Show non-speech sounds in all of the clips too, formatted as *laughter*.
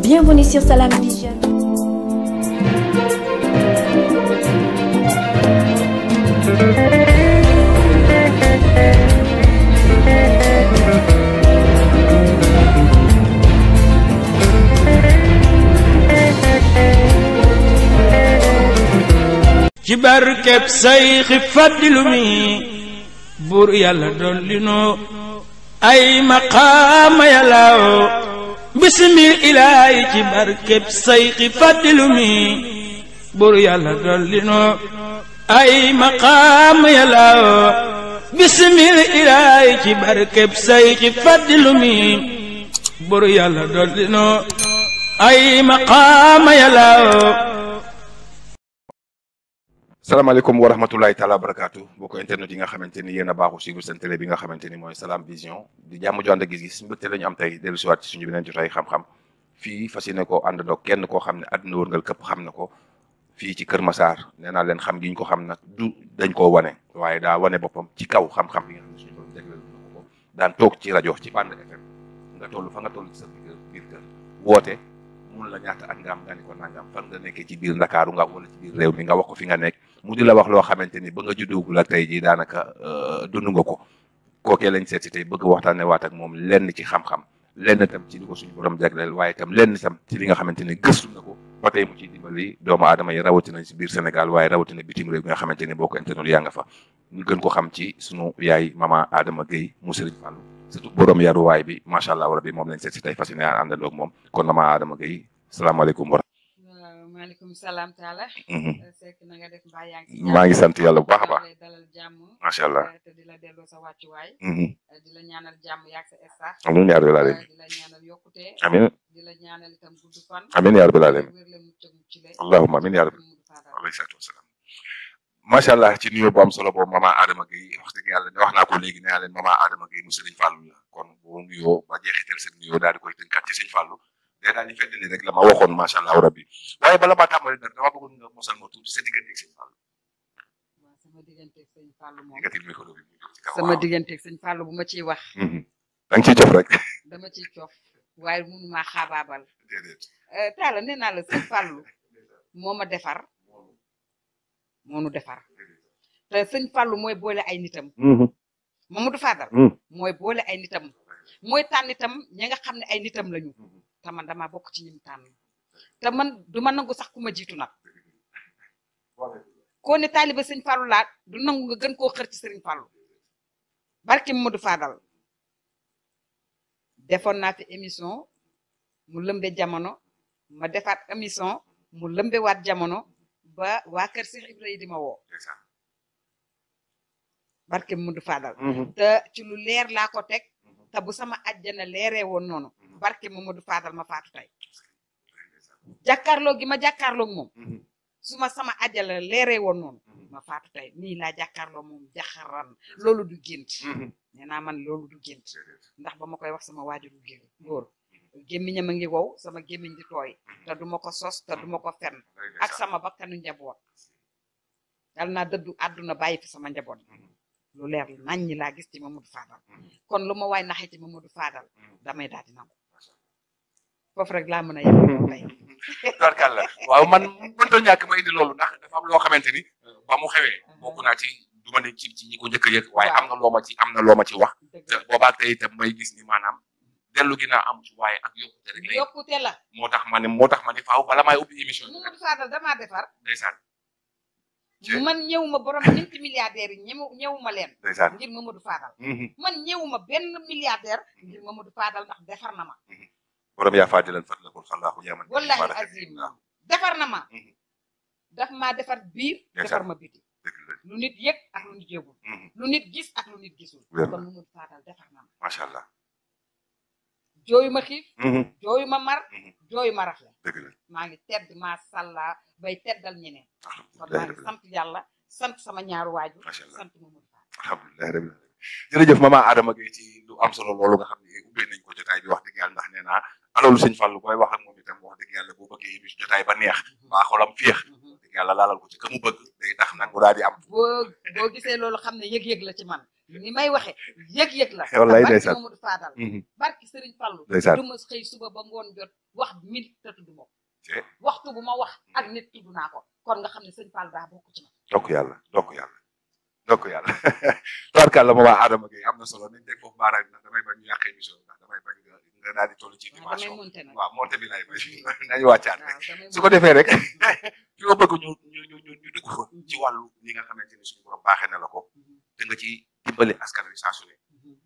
Bienvenue sur Salam Vision. ci barkeb sayxi fàddilu mi buur yàlla dolli noo ay maqaama yàllaaw bisimil ilaahi ci barkeb sayxi fàddilu mi buru yàlla dolli noo ay maqaam yàlla bisimil ilaahi ci barkeb sayxi fàddilu mi buru yàlla dolli noo ay maqaam yàlla salaamaaleykum wa rahmatulahi taala barakaatu boo ko internet yi nga xamante ni yéen a baaxu suivre seen télé a nga xamante ni mooy Salam Vision di jàmm ju ànd ak gis-gis mbégte ñu am tey dellu siwaat ci suñu beneen jotaay xam-xam fii fas yéene koo àndandoo kenn koo xam ne àdduna wërngal këpp xam na ko fii ci Kër Massar nee naa leen xam gi ñu ko xam nag dañ koo wane waaye daa wane boppam ci kaw xam-xam bi nga daan toog ci rajo ci bande FM nga toll fa nga toll sa biir kër woote mun la ñaata at nga am ko nangam fan nga nekkee ci biir Ndakaaru nga wala ci biir réew mi nga wax ko fi nga nekk mu di la wax loo xamante ni ba nga juddugu la tey jii daanaka euh, dund nga ko kookee lañ seet si tey bëgg waxtaanee waat ak moom lenn ci xam-xam lenn tam ci li ko suñu borom jagleel waaye tam lenn tam ci li nga xamante ni gëstu na ko ba tey mu ciy dimbali doomu aadama yi rawatina ci biir Sénégal waaye rawatina bitim réew nga xamante ni boo ko internet yaa nga fa ñu gën ko xam ci sunu yaay mama Adama Gueye mu Serigne Fallou surtout yaruwaay bi macha allah rabi moom lañ seet si tey fas yéene àndandoo moom kon mama Adama Gueye salaamaaleykum wa maaleykum salaam taala. Mhm. Euh, Seck na maa ngi sant yàlla bu baax a baax dalal jàmm. allah euh, te di la delloo sa wàccuwaay. Mhm. Euh, di la ñaanal jàmm yaag sa la ñaanal yokkute. amiin allah ci nuyoo bu am solo boobu mama Adama Gueye wax dëgg yàlla ne wax naa ko léegi nee naa leen kon boo ba jeexital sa nuyoo daal di koy tënkaat ci Sëriñ day daal di feddali rek la ma waxoon macha waaye bala maa tàmbali nag dama bëggoon nga mosal ma tuuti sa digganteeg sëñ Fallou. waaw sama digganteeg sëñ Fallou bu ma ciy wax. Mm-hmm. da nga ciy rek. *laughs* dama ci cof waaye mënu maa xaabaabal. déedéet eh, Talla nee naa la sëñ Fallou moo ma defar moo nu defar te sëñ Fallou mooy boole ay nitam. Mm-hmm. Mamadou Fadal. Mm. mooy boole ay nitam. mooy tànn itam nga xam ne ay nitam lañu. Mm-hmm. te dama damaa bokk ci ñim tànn te man du ma nangu sax ku ma jiitu nag ne taaliba sëñ Fallou laa du nangu nga gën koo xër ci sëriñ Fallou barki Modou Fadal defoon naa fi émission mu lëmbe jamono ma defaat émission mu lëmbe waat jamono ba waa kër Cheikh Ibrahima di ma woo barki Modou Fadal mhm. te ci lu leer laa ko teg te bu sama àjjana leere woon noonu barke Mamadou faadal ma faatu tey jàkkaarloo gi ma jàkkaarloog moom mhm. su ma sama ajala leere woon noonu mhm. ma faatu tey nii laa jàkkaarloo moom jaxaran loolu du gént mhm. nee naa man loolu du gént ndax ba ma koy wax sama waajur gu góor gémmiñam a ngi wow sama gémmiñ di tooy te duma ko sos te duma ko fen ak sama bakkanu njaboot dal naa dëddu àdduna bàyyi fi sama njaboot lu leer nañ ñi laa gis ci Mamadou Fadal kon lu ma waay naxee ci Mamadou Fadal damay daal foofu rek la mën a yem tey. *laughs* tubarkàlla waaw man mënut ñàkk ma indi loolu ndax dafa am loo xamante ni euh, ba mu xewee bokk naa ci du ci ci ñi njëkk a waaye am na loo ma ci am na loo ma ci wax. te boobaa tey itam may gis ni maanaam dellu ginnaaw am waaye ak yokkute rek lay yokkute la moo tax ma ne moo tax ma ne faaw bala maay ubbi émission bi. Mamadou Fadal damaa defar. ndeysaan. man ñëwuma borom ñeenti milliardaires yi ñëw ñëwuma leen. ngir Mamadou Fadal. Mhm. man ñëwuma benn milliardaire ngir Mamadou Fadal ndax defar na ma. Mhm. borom yaa faadilan fadlakun xalaaxu yaaman wallaahi azim defar na ma mhm. daf maa defar biir defar ma biti lu nit yëg ak lu nit yëgul mhm. lu nit gis ak lu nit gisul kon lu allah jooyu ma xiif mhm. jooyu mar jooyu ma rafle maa ngi tedd maa sàlla bay teddal ñeneen kon maa sama ñaaru waajur sant ma mun faat am solo loolu nga xam ne ubbee ko jotaay bi loolu sëñ Fallou booy wax ak moom itam wax dëgg yàlla bu bëggee bis jotaay ba neex mhm. waa xolam féex mhm. wax dëgg yàlla laalal ko ka mu bëgg day tax nag mu daal di am boo boo gisee loolu xam ne yëg-yëg la ci man ni may waxee yëg-yëg la wallaay ndeysaan Mamadou Fadal mhm. barki Serigne Fallou du ma xëy suba ba ngoon jot wax minute te tudd ma waxtu bu ma wax ak nit naa ko kon nga xam ne Serigne Fallou daa bokk ci man dokk yàlla dokk yàlla dokk yàlla tubaarkàlla *laughs* ma waa Adama am na solo nañ teg foofu baaraam nag damay ba ñu daal di toll ci dimension waaw monté bi lay *laughs* nañu wàccaat rek su ko defee rek fi *laughs* nga bëgg ñu ñu ñu ñu dugg fa ci mhm. wàllu li nga xamante ni suñu borom na la ko da mhm. nga ci dimbali askan wi saa mhm.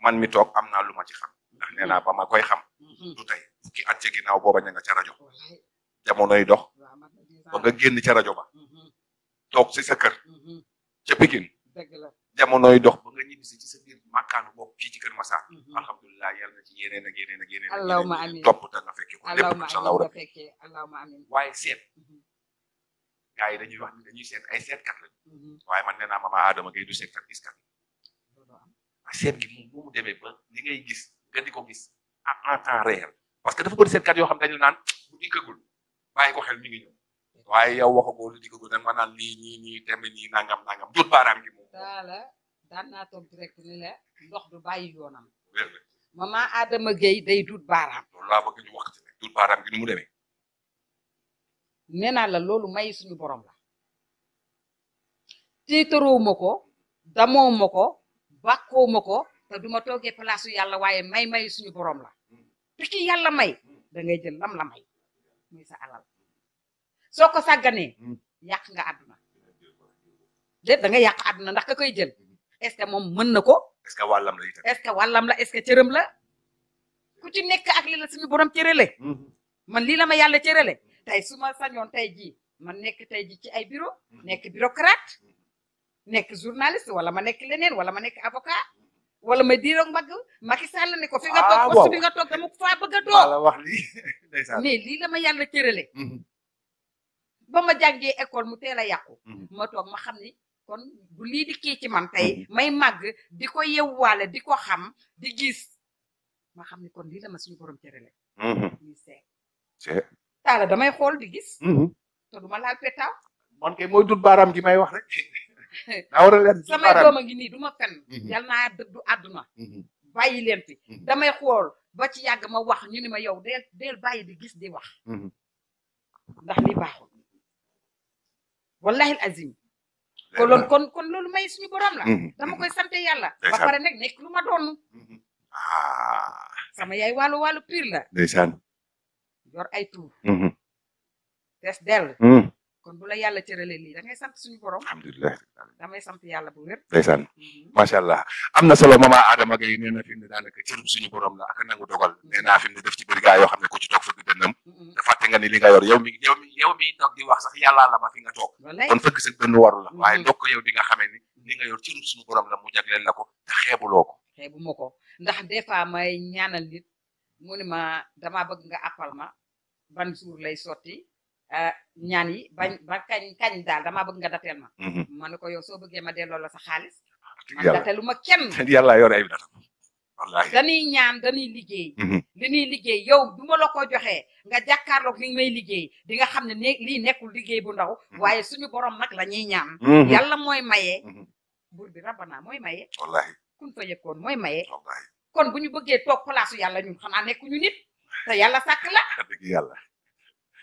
man mi toog am na lu ma ci xam ndax naa ba ma koy xam du tey fukki at ci ginnaaw booba ña ca rajo jamonoy dox ba nga génn ca rajo ba toog si sa kër ca Pikine jamonoy dox ba makkaanu bopp fii ci Kër Masar. Mhm. alhamdulilah yàlla na ci yeneen a yeneen a yeneen. allahumma amiin topp da nga fekkee waaye seet. Mhm. gars yi dañuy wax ni dañuy seet ay seetkat lañu. Mhm. waaye man nee naa mama Adama Gueye du seet gi moom bu mu demee ba li ngay gis nga di ko gis en temps parce que dafa bëri yoo xam dañu naan bu dikkagul bàyyi ko xel mi ngi ñëw. waaye yow waxagoo a dikkagul nag ma naan lii ñii ñii demee nii nangam nangam jot baaraam gi moom. daan naa toog direct ni la ndox du bàyyi yoonam. maman Adama Gueye day duut baaraam. loolu laa naa la loolu may suñu borom la. tiitaroo ma ko damoo ma ko bàkkoo ko te du ma toogee palaasu yàlla waaye may may suñu boroom la du ci yàlla may dangay ngay jël lam la may muy sa alal soo ko sàgganee hmm. yàq nga àdduna de danga yàq àdduna ndax ka koy jël est-ce que moom mën na ko. est-ce que wàllam la itam est-ce que wàllam la est-ce que cëram la ku ci nekk ak li la suñu borom cërale. Mhm. man lii la ma yàlla cërale tey su ma sañoon tey jii man nekk tey jii ci ay bureau mhm. nekk bureaucrate nekk journaliste wala ma nekk leneen wala ma nekk avocat wala ma diiroog mag Macky Sall ne ko fi nga ah, toog poste bi nga toog dama ko faa bëgg a toog wax lii *laughs* mais lii la ma yàlla cërale mhm. ba ma jàngee école mu teel a yàqu ma toog ma xam ni kon du lii di kii ci man tey may màgg di ko yewwaale di ko xam di gis ma xam ni kon lii la ma suñu borom cërale ñuy mhm. taala damay xool di gis mhm. te du ma laal petaaw man may wax rek daa *laughs* war a leen samay doom a ngi nii duma ma fen mhm. yal naa dëddu àdduna bàyyi leen fi damay xool ba ci yàgg ma wax ñu ni ma yow deel bàyyi di gis di wax ndax lii baaxul wallahi azim loolu kon kon loolu may suñu borom la. Mhm. dama koy sant yàlla. ba pare nag nekk lu ma doon. Mhm. Ah. sama yaay wàllu wàllu pire la. ndeysaan. yor ay tuur. Mhm. des dell. kon bu la a cëralee lii da ngay sant suñu borom. alhamdulilah damay sant yàlla bu wér. ndeysaan mhm. allah am na solo mama Adama Gaye nee na fi mu ne daanaka cër suñu borom la ak nangu dogal mhm. nee naa fi mu ne def ci bëri gaa yoo xam ne ku ci toog fëgg dënnam. sa dënn waru la. Mhm. waaye suñu borom la mu jagleel la ko te xeebuloo ko. xeebu ma ko ndax des fois may ñaanal nit mu ne ma damaa bëgg nga ma ban jour lay sotti Euh, ñaan yi ba kañ kañ daal damaa bëgg nga dateel ma. Mhm. ma ne ko yow soo bëggee ma delloo la sa xaalis. man datelu ma kenn. *laughs* yàlla yore ay data. wallaahi dañuy ñaan dañuy liggéey. li mhm. liggéey yow du ma la ko joxee nga jàkkaarloog li may liggéey di nga xam ne ne lii nekkul liggéey bu ndaw. Mhm. waaye suñu borom nag la ñuy ñaan. yàlla mooy maye. buur bi rabbana mooy maye. kun fa yëkkoon mooy maye. kon bu ñu bëggee toog laasu yàlla ñun xanaa nekkuñu nit te yàlla sàkk la. dëgg yàlla.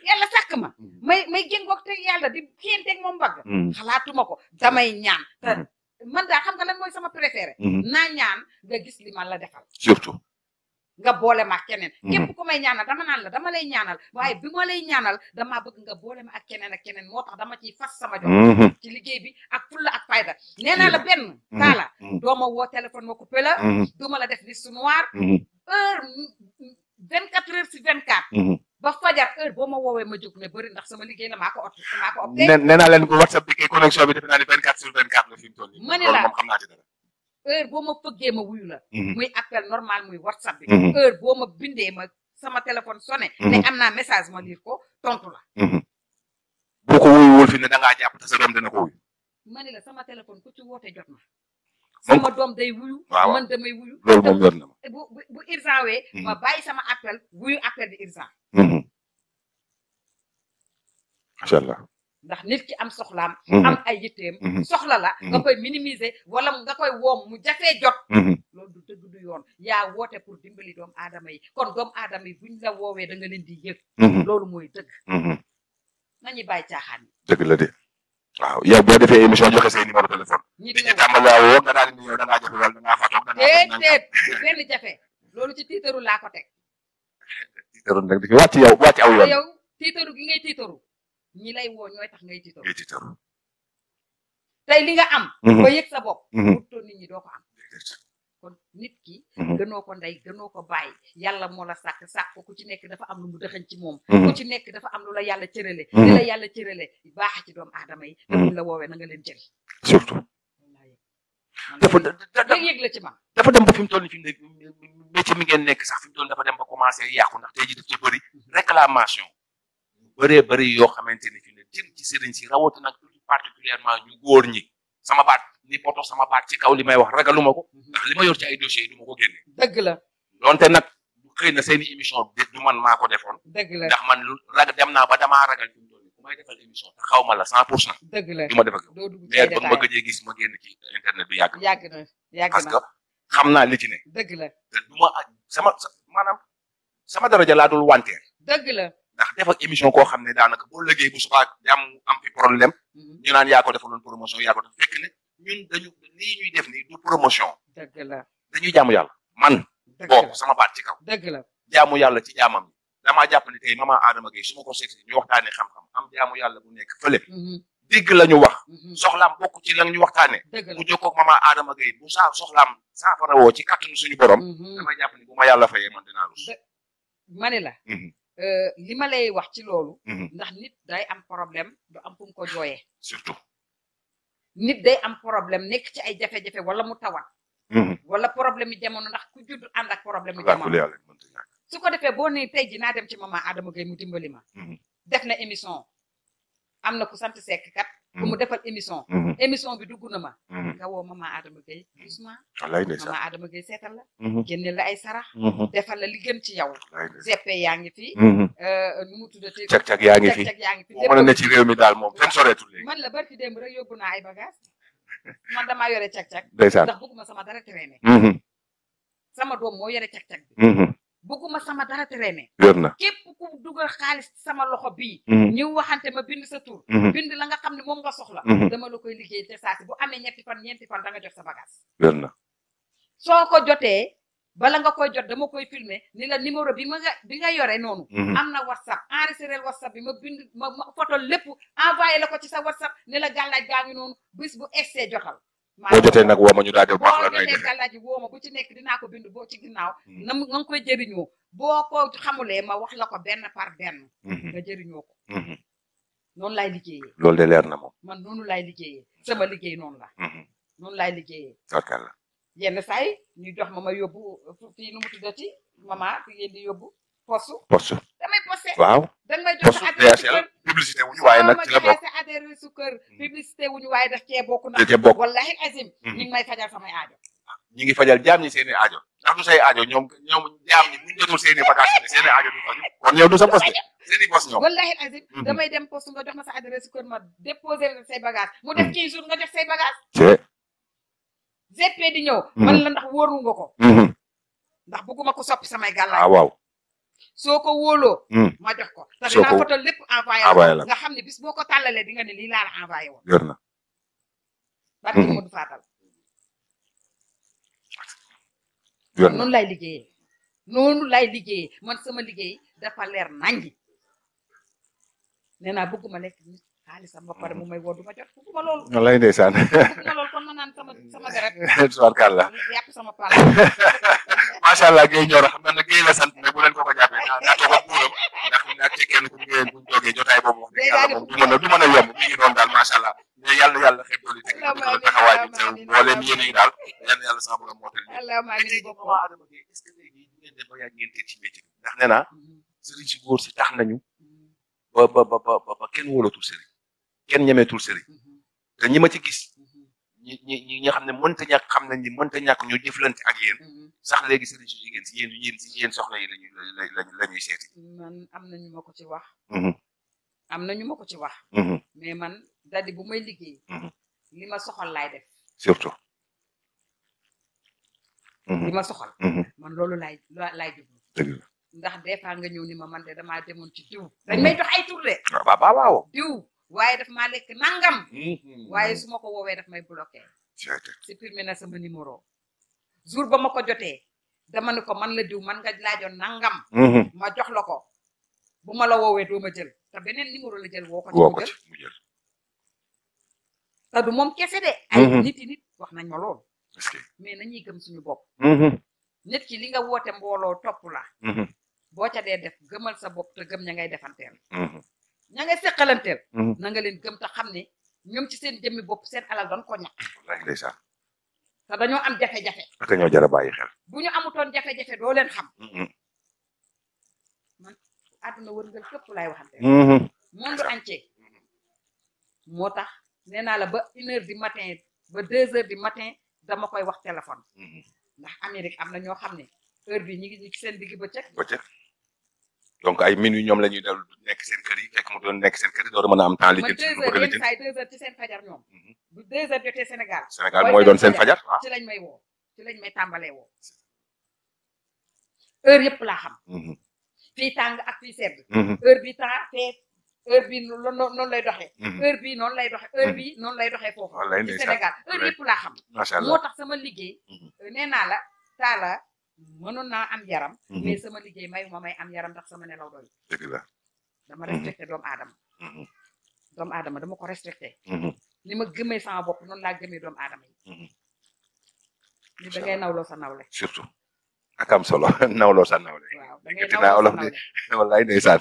yàlla sàkk ma mm. may may jéngoog te yàlla di xéenteeg moom mbagg mm. xalaatuma ko damay ñaan te mm-hmm. man daa xam nga lan mooy sama préféré mm-hmm. naa ñaan nga gis li man la defal surtout nga boole a ak keneen mm-hmm. képp ku may ñaanal dama naan la dama lay ñaanal waaye bi ma lay ñaanal damaa bëgg nga boole ma ak keneen ak keneen moo tax dama ciy fas sama jox ci liggéey bi ak fulla a fayda nee naa la benn taala doo ma woo téléphone ma coupé la du la def liste noire heure vingt quatre ba fajar heure boo ma woowee ma jóg ne bëri ndax sama liggéey na maa ko ot maa a opté nee naa leen ko whatsapp bi kay connexion bi defe naa ne vingt quatre sur vingt quatre la fi nii ma ne la moom xam ma fëggee ma wuyu la mhm. bi mhm. boo ma bindee ma sama téléphone sonné mhm. ne am naa message ma lire ko tontu la boo ko wuyu wul fi ne da ko ma ne la sama téléphone ku ci woote jot ma sama doom day wuyu. waaw man damay wuyu. ma bu bu bu urgent wee. Hmm. ma bàyyi sama appel wuyu appel di urgent. macha allah. ndax nit ki am soxla hmm, hmm. am ay yitteem. soxla la nga koy minimiser wala nga koy woom mu jafee jot. lool du dëgg du yoon ya woote pour dimbali doomu aadama yi kon doomu aadama yi buñ la woowee da leen di yëg. loolu mooy dëgg. nañu bàyyi caaxaan. dëgg la de waaw yow boo defee émission joxe say numéro téléphone. dañuy tàmbali woo nga daal di yow jafe loolu ci tiitaru laa ko teg. tiitaru nag di wàcc yow wàcc aw yoon tiitaru gi ngay tiitaru ñi lay woo ñooy tax ngay tiitaru. ngay li nga am. Mhm. ba yëg sa bopp. Mhm. wutoo nit ñi doo ko ki. Mhm. gënoo ko ndey gënoo ko bàyyi yàlla moo la sàkk sàkk ku ci nekk dafa am lu mu dëxañ ci moom. ku ci nekk dafa am lu la yàlla cërale. li la yàlla baax ci doomu aadama yi. te buñ la woowee na leen jël. surtout. dafa dafa dem ba fi mu toll nii fi mu ne métier mi ngeen nekk sax fi mu toll dafa dem ba commencé yàqu ndax tey ji daf ci bëri réclamation yu bëree bëri yoo xamante ni fi ne jëm ci sëriñ si rawatina nag plus ñu góor ñi sama baat ni poto sama baat ci kaw li may wax ragaluma ko mhm. ndax li ma yor ci ay dossiers du ma ko génne. la donte nag xëy na seen i man maa ko defoon. dëgg la ndax man rag dem naa ba damaa ragal. may defal émission te xaw ma la cent pour cent. ma def ak yow ma gëjee gis ma génn ci internet bi yàgg na. xam naa li ci ne. dëgg la du ma sama maanaam sama daraja laa dul wanteer. dëgg la ndax def émission koo xam ne daanaka boo liggéey bu subaa am am fi problème. Mhm. ñu naan yaa ko defaloon promotion yaa ko def fekk ne ñun ñuy def nii du promotion. dëgg la dañuy jaamu yàlla man. dëgg la sama baat ci kaw. dëgg la jaamu yàlla ci jaamam. damaa jàpp ne tey maman Adama Gueye su ma ko seeti ñu waxtaanee xam-xam am jaamu yàlla bu nekk fële. Mhm. dégg la ñu wax. Mhm. soxlaam bokk ci la ñu waxtaanee. bu jokkoo ak maman Adama Gueye bu saa soxlaam saafara woo ci kàttanu suñu borom. Mhm. damay jàpp ne bu ma man dinaa rus. ma ne la. Euh, li ma lay wax ci loolu. ndax nit day am problème du am fu mu ko jooyee. surtout. nit day am problème nekk ci ay jafe-jafe wala mu tawat. wala problème yi jamono ndax ku judd ànd ak problème yi jamono. su ko defee boo nee tey ji naa dem ci maman Adama Gueye mu dimbali ma. Mm-hmm. def na émission am na ku sant sekk kat. bu mm-hmm. mu defal émission. Mm-hmm. émission bi dugg na ma. nga woo maman Adama Gueye gis ma. wallaay ndeysaan maman Adama Gueye seetal la. génneel la ay sarax. defal la li gën ci yow. GP yaa ngi fi. Euh, nu mu tuddati. càq càq yaa ngi fi càq yaa ngi fi. boo mën a ne ci réew mi daal moom kenn soreetul léegi. man la barki démb rek yóbbu naa ay bagages man damaa yore càq càq. ndeysaan ndax bëgguma sama dara traîner. sama doom moo yore càq càq bi. bëgguma sama dara te na képp ku dugal xaalis sama loxo bii mhm. ñu waxante ma bind sa tur mhm. bind la nga xam ne moom nga soxla mhm. dama la koy liggéey te saasi bu amee ñetti fan ñeenti fan da nga jot sa bagage wér na soo ko jotee bala nga koy jot dama koy filme ni la numéro bi ma nga bi nga yore noonu am na whatsapp enregistré whatsapp bi ma bind ma ma photo lépp envoyé la ko ci sa whatsapp ni la gàllaaj gaa ngi noonu bis bu egsee jotal boo jotee nag woo ma ñu daal di wax la nooy defee laaj woo ma bu ci nekk dinaa ko bind boo ci ginnaaw. Hmm. na nga koy jëriñoo boo ko xamulee ma wax la ko benn par benn. Hmm. nga jëriñoo hmm. noonu laay liggéeyee. loolu de leer na moom. man noonu laay liggéeye sama liggéey noonu la. noonu laay liggéeye tabarkalla. yenn saa ñu jox ma ma yóbbu fii nu mu tuddati mama fi ngeen di yóbbu posu. posu waaw poste DHL publicité wuñu waaye na ci la bokk adhéré sukkër hmm. publicité wuñu waaye daf cee bokk na cee bokk wallahi azim hmm. ñu ngi may fajal samay aajo ñi ngi fajal jaam seen i aajo ndax du say aajo ñoom ñoom jaam ñi buñu jotul seen sa poste seen i poste ñoom wallahi azim hmm. damay dem poste nga jox ma sa adhéré sukkër ma déposé na say bagage mu def quinze jours nga def say bagage GP di ñëw man la ndax wóoru ko ndax bëgguma ko soppi samay gàllaay ah, waaw soo ko wóoloo. Hmm. ma jox ko te dinaa fotal lépp envoyé la nga xam ne bis boo ko tàllalee di nga ne lii laa la envoyé woon. yor na. barke hmm. Modou Fatal. yor na noonu lay liggéeyee. noonu lay liggéeyee man sama liggéey dafa leer naññi nee naa bëgguma lekk nit xaalisam ba pare mm-hmm. mu may woo du ma jot ku *laughs* ma *laughs* loolu. *laughs* allah Guèye Nioro xam ne ko ko jàppee toog ak buuram ndax du mën a du mën daal macha allah mais yàlla yàlla xëy dooli teg ko taxawaay bi moo tëdd. est-ce ndax nee naa mm-hmm. si góor si tax nañu ba ba ba ba kenn wóolatul sëriñ kenn ñemeetul sëriñ mhm. te ñi ma ci gis mhm. ñi ñi ñi nga xam ne mënta ñàkk xam nañ ni mënta ñàkk ñu jëflante ak yéen mhm. sax léegi sëriñ si jigéen si yéen yéen man am na ñu ma ko ci wax am na ñu ma ko ci wax mais man daldi bu may liggéey li ma soxal laay def surtout li ma soxal man loolu laay laay jublu ndax des fois nga ñëw ni ma man de damaa demoon ci diw dañ may jox ay tur de ah, waaw waaw diw waaye daf maa lekk nangam. Mhm, mhm. waaye su ma ko woowee daf may si supprimer na sama numéro. jour ba ma ko jotee dama ne ko man la diw man nga laajoon nangam. Mhm. ma jox la ko bu ma la woowee doo ma jël te beneen numéro la jël woo ko. woo ko ci mu jël te du moom kese de. ay nit nit wax nañ ma lool. mais nañuy gëm suñu bopp. nit ki li nga woote mbooloo topp la. boo ca dee def gëmal sa bopp te gëm ña ngay defanteel. ña ngay seqalanteel mhm. na nga leen gëm te xam ne ñoom ci seen jëmmi bopp seen alal doon ko ñàkk ndeysaan te dañoo am jafe-jafe ak ñoo jar a bàyyi xel ñu amutoon jafe-jafe doo leen xam mhm. man àdduna wërngal képp laay waxante mhm. monde moo tax nee naa la ba une heure du matin ba deux heures du matin dama koy wax téléphone ndax Amérique am na ñoo xam ne heure bi ñu ngi ci seen digg bëccëg bëccëg donc ay minuit ñoom la ñuy dellu nekk seen kër doon nekk seen kër doon mën a am temps li jëm ci lu ko li jëm ba ci seen fajar ñoom bu mhm. deux heures jotee mooy doon seen fajar ah. ci lañ may woo ci lañ may tàmbalee woo heure yëpp laa xam mhm. fii tàng ak fii sedd mhm. heure bi temps fee heure bi noonu lay doxe heure bi noonu lay doxee bi noonu lay doxee foofu ci Sénégal heure yëpp laa xam moo tax sama liggéey nee naa la taala ma noon naa am yaram. Mhm. mais sama liggéey mayu ma may am yaram ndax sama nelaw doy. dëgg la dama respecté mhm. doomu aadama. Mhm. doomu aadama dama ko respecté. ni ma gëmee sama bopp noonu laa gëmee doomu aadama yi. ni da ngay nawloo sa nawle surtout. ak am solo *laughs* nawloo sa nawle dinaa olof di *laughs* wallaay ndeysaan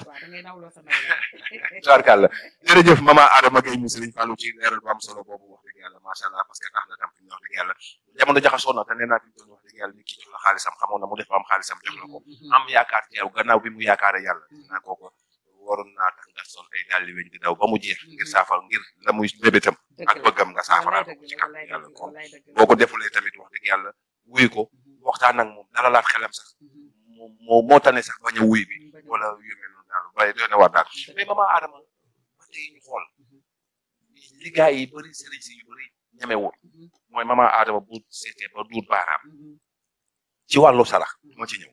soarkal *laughs* la jërëjëf mama am solo boobu wax yàlla macha allah parce que na tam fi ñu wax dëgg yàlla jamono jaxasoo na te nee naa fi ñu doon yàlla nit ki jox la xaalisam xamoon na am mm-hmm, mm-hmm. am yaakaar ci yow gannaaw bi mu yaakaare yàlla mm-hmm. naa kooko waroon naa tax nga sol ay dàlli weñ di daw ba ngir saafara ngir la muy a ak bëggam nga saafaraal ko ci kàddu yàlla tamit wax dëgg yàlla wuyu ko waxtaan ak moom dalalaat xelam sax moo moo tane sax bañ a wuy bi wala waaye doy Adama ba tey ñu yi bëri sëriñ si yu bëri ñemewul mooy ci wàllu sarax moo ci ñëw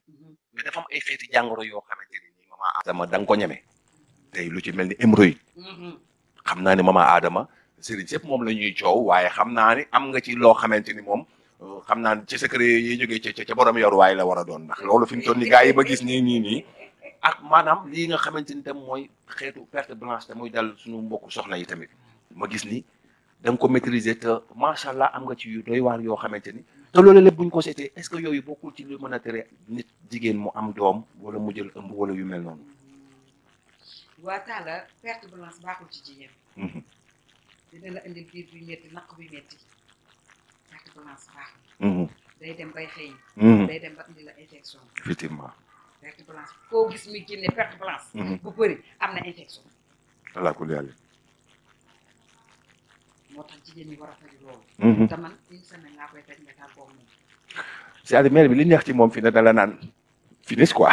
mais dafa ay xeeti jàngoro yoo xamante ne nii maman Adama da nga tey lu ci mel ni hémorroïde xam naa ni maman Adama sëriñ si yëpp moom la coow waaye xam naa ne am nga ci loo xamante ni moom xam naa ci secret yi jógee ca ca borom yor waay la war a doon ndax loolu fi mu toll nii gars nii nii nii maanaam lii nga xamante ni tam mooy xeetu perte blanche te muy suñu mbokku soxna yi tamit ma gis ni da ko maîtriser te macha allah am nga ci yu doy waar yoo xamante ni te loolu lépp buñ ko seetee est-ce que yooyu bokkul ci lu mën a tere nit jigéen mu am doom wala mu jël ëmb wala yu mel noonu. waa commence baax. Mm-hmm. day dem bay xëy. Mm-hmm. day dem ba indi la infection. effectivement. perte blanche foo gis muy génne perte blanche. Mm-hmm. bu bëri am na infection. allah kulli àlli. moo tax jigéen war a faj loolu. te une semaine laa koy faj nga tàggoo moom. cest à bi li neex ci moom fi ne dala naan finis quoi.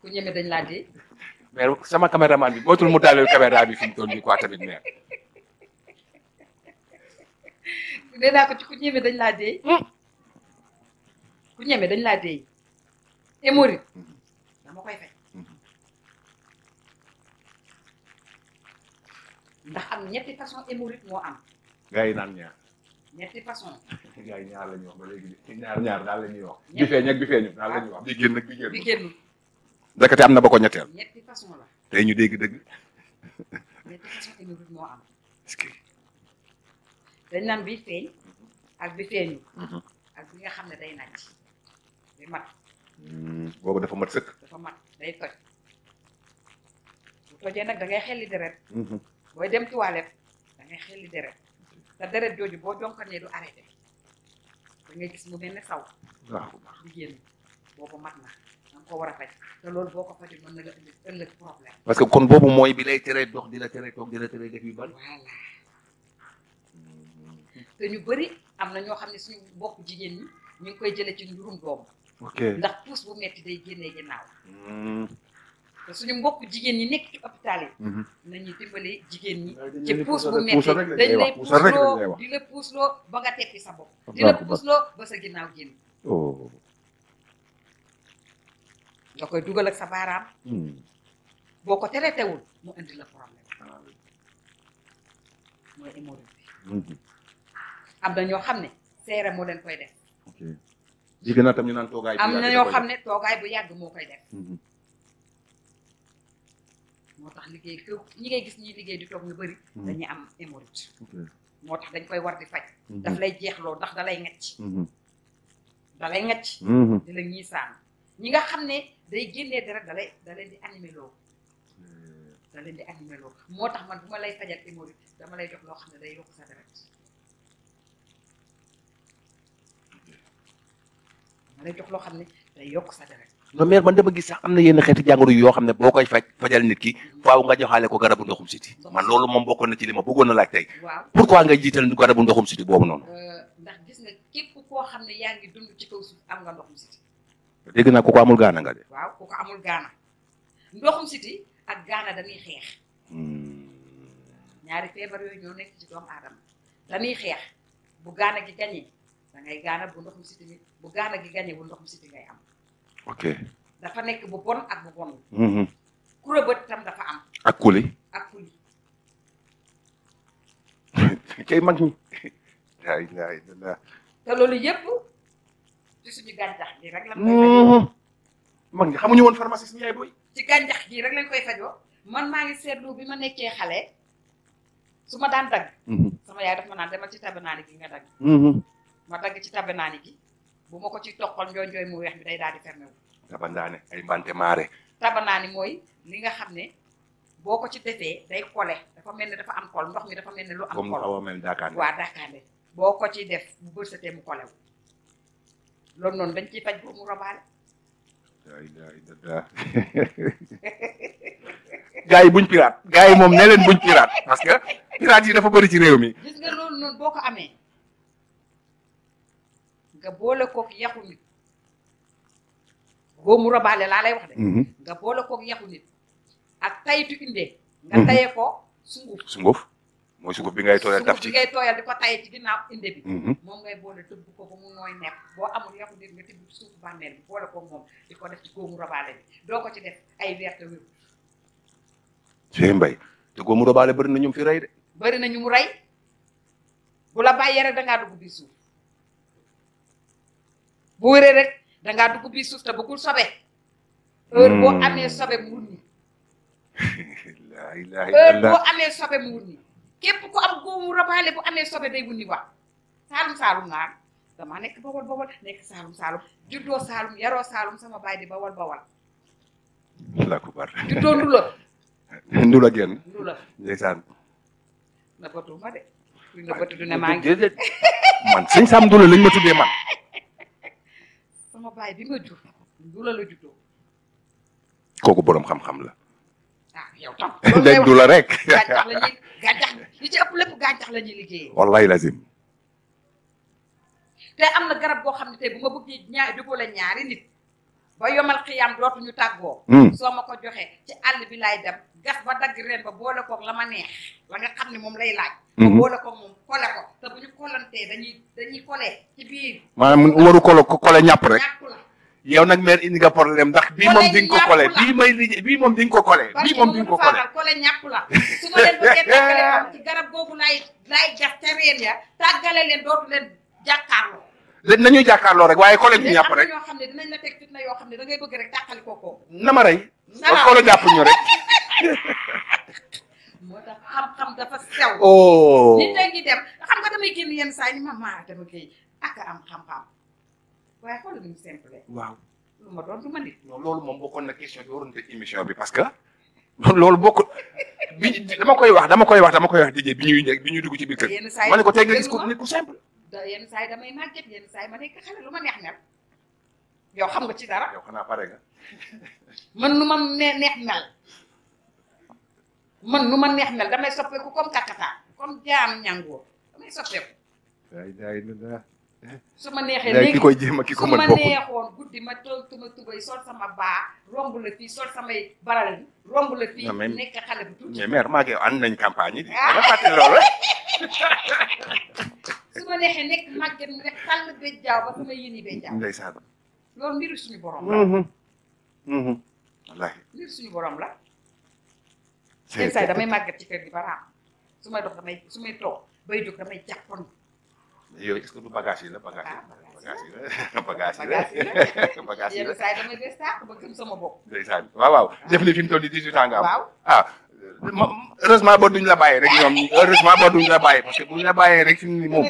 ku ñeme dañ laa dee. mais sama caméraman bi bootul mu taaleel caméra bi fi mu toll nii tamit mère. nee naa ko dañ laa dee. ku ñeme dañ laa dee. hémorroïde mm. mm-hmm. dama koy faj. Mm-hmm. ndax am ñetti façon hémorroïde moo am. gars yi naan ñaar. ñetti façon. *laughs* gars yi ñaar la ñuy wax ba léegi ñaar ñaar daal la ñuy wax. bi feeñ feeñu daal la ñuy wax. Ah. bi génn ak am na ba ko ñetteel. ñetti façon la. tey ñu dégg dëgg. ñetti façon hémorroïde moo am. dañ naan bi feeñ ak bi feeñu mhm. ak bi nga xam ne day nàcc bi mat hmm, boobu dafa mat sëkk dafa mat day toj bu tojee nag da ngay xelli deret mhm. booy dem toilette da ngay xelli deret te deret jooju boo jonkanee du arrêté da gis mu mel ne saw waaw di génn boobu mat na danga ko war a faj te loolu boo ko fajee mën na la ëllëg problème parce que kon boobu mooy bi lay teree dox di la teree toog di teree def yu bari te ñu bari am na ñoo xam ne suñu mbokk jigéen ñi ñu ngi koy jëlee ci njurum doom ndax puus bu metti day génnee ginnaaw hmm. te suñu mbokk jigéen ñi nekk ci hôpital yi hmm. nañuy dimbali jigéen ñi ci puus bu metti dañ lay puusloo di ba nga teppi sa bopp di la puusloo ba sa ginnaaw génn oh. nga koy dugal ak sa baaraam hmm. boo ko teree teewul mu indi la problème ah. mooy hémorroïde am na ñoo xam ne seere moo leen koy def. jigéen na tam ñu naan toogaay bu yàgg na ñoo ne toogaay bu yàgg moo koy def. Mhm. moo tax liggéey ñi ngay gis ñi liggéey di toog ñu bëri. Mhm. dañuy am hémorroïde. moo tax dañ koy war di faj. Mhm. daf lay jeexloo ndax dalay lay ngacc. da lay ngacc. di la ñuy ñi nga xam ne day génnee dara da lay da leen di animé loo. Eh. da di animé loo moo tax man bu ma lay fajal hémorroïde dama lay jox loo xam ne day yokk sa deret. dama loo xam ne yokk sa deret non mais dama gis sax am na yenn xeeti jàngoro yoo xam ne boo koy faj fajal nit ki nga joxaale ko garabu ndoxum siti man loolu moom bokkoon na ci li ma bëggoon a laaj tey waaw pourquoi ngay jiital garabu ndoxum siti boobu noonu euh, ndax koo xam ne yaa ngi dund ci kaw suuf am nga ndoxum siti dégg ko amul gaana nga de waaw ku ko amul gaana ndoxum ak gaana dañuy xeex hmm. ñaari feebar yooyu ñoo nekk ci doomu aadama dañuy xeex bu gaana gi gañee da gaana bu ndox mu siti bu gaana gi gagné bu ndox mu siti ngay am. ok dafa nekk bu bon ak bu bon. Mm-hmm. kure bët tam dafa am. ak kuli. ak *laughs* kay mag ñi. la ilaha illallah. te loolu yëpp suñu gàncax gi rek. lan koy mm-hmm. mag xamuñu woon pharmacie ci gàncax gi rek lañ koy fajo man maa ngi seetlu bi ma nekkee xale su ma daan dagg. Mm-hmm. sama yaay daf ma naan demal ci tabanaani gi nga dagg. ma dagg ci tabandaane gi bu ma ko ci toqal njooy njooy mu weex bi day daal di fermé wu. tabandaane ay bante maare. tabandaane mooy li nga xam ne boo ko ci defee day kole dafa mel ni dafa am kol ndox mi dafa mel ne lu am. kol comme awa boo ko ci def bu bërsatee mu kolew loolu noonu dañ ci faj boobu mu robaale. gaa *laughs* yi buñ pirate gaa yi moom ne leen buñ pirate parce que pirate yi dafa bari ci réew mi. gis nga loolu noonu boo ko amee. nga boole kook yaxu nit góomu robaale laa lay wax de mhm. nga boole kook yaxu nit ak tayitu indee nga mhm. taye ko sunguf sunguf mooy sunguf bi ngay tooyal taf ci bi ngay tooyal di ko taye ci inde bi mhm. moom ngay boole tëbb ko ba mu nooy nepp boo amul yaxu nit nga tëbb suufu bàmmeel bi boole ko moom di ko def ci góomu robaale bi doo ko ci def ay verte wér Cheikh Mbaye te góomu robaale bëri na fi rey de bëri na ñu mu rey bu la bàyyee rek da ngaa dugg biir suuf boo wéree rek dangaa dugg bii suuf te bëggul sobe heure boo hmm. amee sobe mu wut nii képp ku am góomu rabaale bu amee sobe day wut nii wax saalum saalum naan damaa nekk bawal bawal nekk saalum saalum juddoo saalum yaroo saalum sama baay di bawal bawal la kubar juddoo ndula *laughs* ndula genn ndula ndeysaan na bëtu ma de na bëtu du ne maa ngi man sëñ Sam Ndula lañ ma tuddee man *laughs* sama baay bi ma jur dula la juddoo. kooku borom xam-xam la. ah yow tam. léegi *laughs* du rek. gàncax la ñuy gàncax li ci ëpp lépp gàncax la ñuy liggéeyee. wallahi lazim. te am na garab goo xam ne tey bu ma bëggee ñaar jubóo la ñaari nit. ba yomal xiyam dootuñu tàggoo. Hmm. soo ma ko joxee ci àll bi laay dem gas ba dagg reen ba boole koog la ma neex la nga xam ne moom lay laaj. ba hmm. boole koog moom kole ko te bu ñu kolantee dañuy dañuy kole ci biir. waru kolo ko kole ñàpp yow nag mère indi nga problème ndax bii moom di ko kole bii may bii moom di nga ko kole bii moom di nga ko kole kole ñàpp la su ma garab googu laay laay gas ca reen ya tàggale leen dootu leen jàkkaar na ñuy jàkkaarloo rek waaye koo leen ñu rek yoo xam ne dinañ la teg fitna yoo xam ne da ngay bëgg rek na ma rey koo la ñu rek *laughs* moo tax xam-xam dafa sew oh. nit dañuy dem xam nga damay ma maa dama koy ak am xam-xam waaye xoolal ñu simple waaw loolu moom bi waroon tëj émission que *laughs* loolu bokk bi dama koy wax dama koy wax dama koy wax dijee bi ñuy dugg ci biir kër ma ko tey nga gis nit ku simple da yenn saa yi damay yenn saa yi ma nekk xale lu ma neex mel yow xam nga ci dara. yow xanaa pare nga. man nu ma neex mel man nu ma neex mel damay soppeeku comme kakkataa comme jaam ñangoor damay soppeeku. daay daay la su ma neexee léegi ki ko mën su ma neexoon guddi ma toog tuma tubay sol sama baa romb la fii sol samay baral romb la fii. nekk xale bu tuuti mais mère maa ngi ànd nañ campagne yi. *laughs* dama fàttali loolu. *laughs* ma neexee nekk màgget mu nekk tàll béj jaaw ba sama yéen yi béj jaaw ndeysaan loolu mbiru suñu borom la mm-hmm. Mm-hmm. wallaahi mbiru suñu borom la seen saay damay màgget ci kër gi baraam su may dox damay su may toog bay jóg damay jàppoon yow est-ce que du bagage yi la bagage yi la ah, bagage yi la *laughs* bagage yi la yenn saa yi damay des tànk ba gëm sama bopp ndeysaan waaw waaw def ni fi mu toll nii dix-huit ans nga am waaw ah heureusement ba duñ la bàyyi rek ñoom heureusement ba duñ la bàyyi parce que buñ la bàyyee rek suñu ni moom *laughs*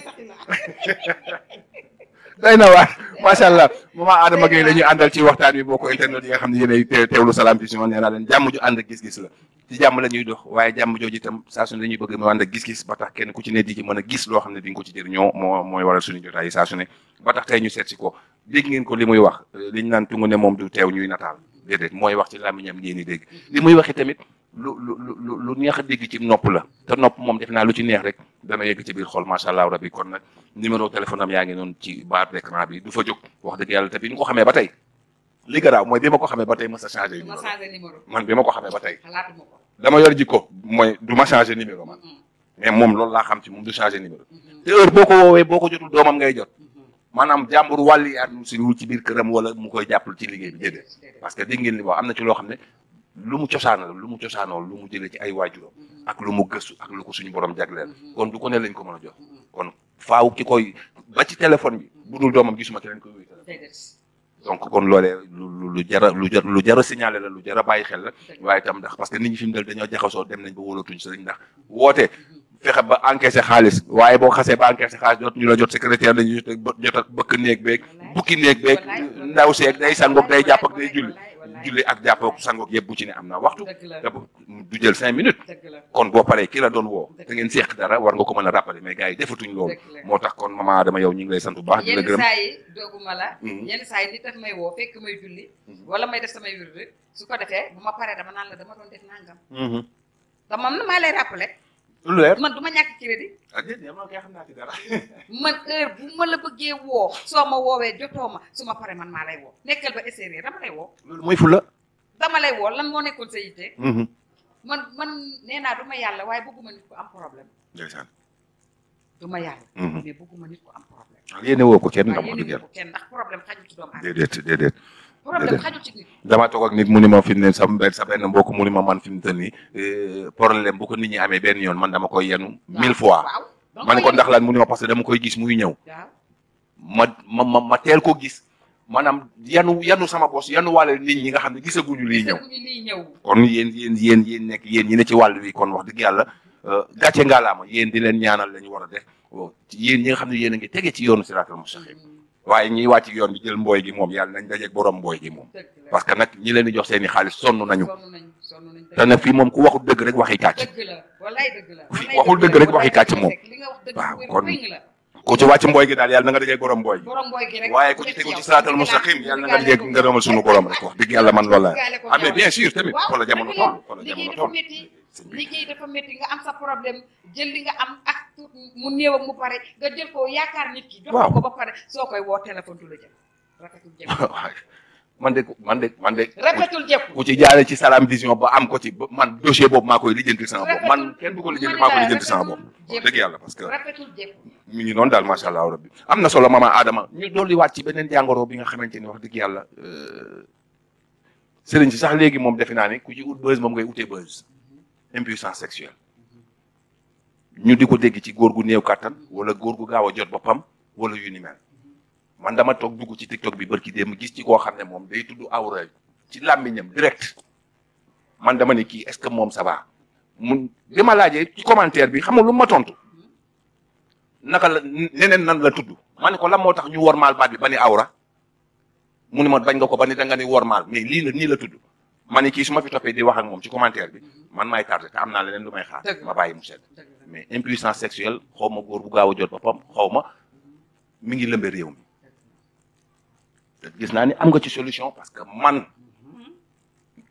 day na waar macha allah maman Adama Gueye la ñuy àndal ci waxtaan wi boo ko internet yi nga xam ne yéenay teewlu Salam Vision nee naa leen jàmm ju ànd ak gis-gis la ci jàmm la dox waaye jàmm jooju itam saa su ne bëgg mu ànd gis-gis ba tax kenn ku ci ne di ci mën loo xam ne di ko ci jëriñoo moo mooy waral suñu jotaay yi saa su ne ba tax tey ñu seet si ko dégg ngeen ko li muy wax liñ naan tungu ne moom du teew ñuy nataal déedéet mooy wax ci làmmiñam ngeen di dégg li muy waxi tamit lu lu lu lu neex a dégg ci nopp la te nopp moom def naa lu ci neex rek dama yeg ci biir xol macha allah rabi kon na numéro téléphone am yaa ngi noonu ci barre d'écran bi du fa jóg wax dëgg te bi ñu ko xamee ba tey li garaaw mooy bi ma ko xamee ba tey ma sa changé man bi ma ko xamee ba tey dama yor jikko mooy du ma changé numéro man mm-hmm. mais moom loolu laa xam ci moom du changé numéro mm-hmm. te heure boo ko woowee boo ko jotul doomam ngay jot maanaam jàmbur wàlli yaar ñu si ci biir këram wala mu koy jàppal ci liggéey bi déedéet parce que dégg ngeen li wax am na ci loo xam ne lu mu cosaanal lu mu cosaanoo lu mu jëlee ci ay waajuram ak lu mu gëstu ak lu ko suñu borom jagleel mm-hmm. kon du ko ne lañ ko mën a jox kon faaw ki koy ba ci téléphone bi bu dul doomam gisuma keneen koy wuy donc kon loolee lu lu jara lu jar lu jara signalé la lu jara bàyyi xel la waaye itam ndax parce que nit ñi fi mu dal dañoo jaxasoo dem nañ ba wóolatuñ sëriñ ndax woote mm-hmm. fexe ba encaissé xaalis waaye boo xasee ba encaissé xaalis dootuñu la jot secrétaire dañuy jot ak bëkk néeg beeg bukki néeg beeg ndaw seeg day sangoog day jàpp ak day julli julli ak jàppoog sangoog yëpp bu ci ne am na waxtu du jël cinq minutes kon boo paree ki doon woo da ngeen seeq dara war nga ko mën a rappeler mais gars yi defatuñ loolu moo tax kon maman dama yow ñu ngi lay sant bu baax di mhm. mhm. wala may def samay wirdu su ko defee na mhm. maa lay rappeler lu leer man du ma ñàkk crédit. ah déedéet man kay xam naa ci dara. *laughs* man heure bu ma la bëggee woo. soo ma woowee jotoo ma su ma paree man maa lay woo nekkal ba essayé dama lay woo. mooy fula. dama lay woo lan moo nekkoon sa yitte. Mhm. man man nee naa du ma yàlla waaye bëgguma nit ko am problème. ndeysaan. ma yàlla. Mhm. mais bëgguma nit ku am problème. yéen woo ko kenn ndax kenn ndax problème xajul ci doomu aadama. déedéet déedéet. damaa toog ak nit mu ni ma fi mu ne sa benn sa benn mbokk mu ni ma man fi mu te ni eh, ko nit ñi amee benn yoon man dama koy yenu mille fois ma kon ko ndax lan mu ni ma parce que dama koy gis muy ñëw ma ma ma teel ko gis maanaam yanu yanu sama bos yanu wàlle nit ñi nga xam ne gisaguñu liy ñëw kon yéen yéen yéen yéen nekk yéen ñi ne ci wàll wi kon wax dëgg yàlla euh, gàcce ngaalaama yéen di leen ñaanal la ñu war a def yéen ñi nga xam ne yéen a ngi tege ci yoonu siraatal mustaqim waaye ñiy wàcc yoon bi jël mbooy gi moom yàlla nañ dajeeg borom mbooy gi moom parce que nag ñi leen di jox seeni xaalis sonn nañu te nag fii moom ku waxul dëgg rek waxi kàcc fi waxul dëgg rek waxi kàcc moom waaw kon ku ci wàcc mbooy gi daal yàlla na nga dajeeg borom mbooy gi waaye ku ci tegu ci siraatal mustaqim yàlla na nga dajeeg ngërëmal sunu borom rek wax dëgg yàlla man loolu la amee ah, bien sûr tamit wala jamono toll wala jamono toll liggéey dafa métti nga am sa problème jël li nga am ak mu néew mu pare nga jël ko yaakaar nit ki. waaw jox ko ba pare soo koy woo téléphone du la jël rafetul jëf. *laughs* man de man de man de. rafetul jëf ku ci jaaree ci Salam Vision ba am ko ci man dossier boobu maa koy lijjanti sama bopp man kenn du ko lijjanti maa koy lijjanti sama bopp. dëgg yàlla parce que rafetul jëf. mi ngi noonu daal macha allah rabbi am na solo mama Adama ñu waat ci beneen jàngoro bi nga xamante ni wax dëgg yàlla euh, sëriñ si sax léegi moom defe naa ne ku ci moom ngay utee buzz impuissance sexuelle ñu di ko dégg ci góor gu néew kàttan wala góor gu gaaw a jot boppam wala yu ni mel man dama toog dugg ci tiktok bi barki démb gis ci koo xam ne moom day tudd awra ci làmmiñam direct man dama ne kii est-ce que moom ça mun bi ma laajee ci commentaire bi xam nga lu ma tontu naka la neneen nan la tudd ma ne ko lam moo tax ñu wor maal baat bi ba ni awra mu ne ma bañ nga ko ba ni da nga ni wormaal mais lii la nii la tudd. ma ne kii su ma fi toppee di wax ak moom ci commentaire bi mhm. man maay tardé te am naa leneen lu may xaar ma bàyyi mu sedd mais impuissance sexuelle xaw ma góor bu gaaw a jot boppam xaw ma mi ngi lëmbe réew mi gis naa ni am nga ci solution parce que man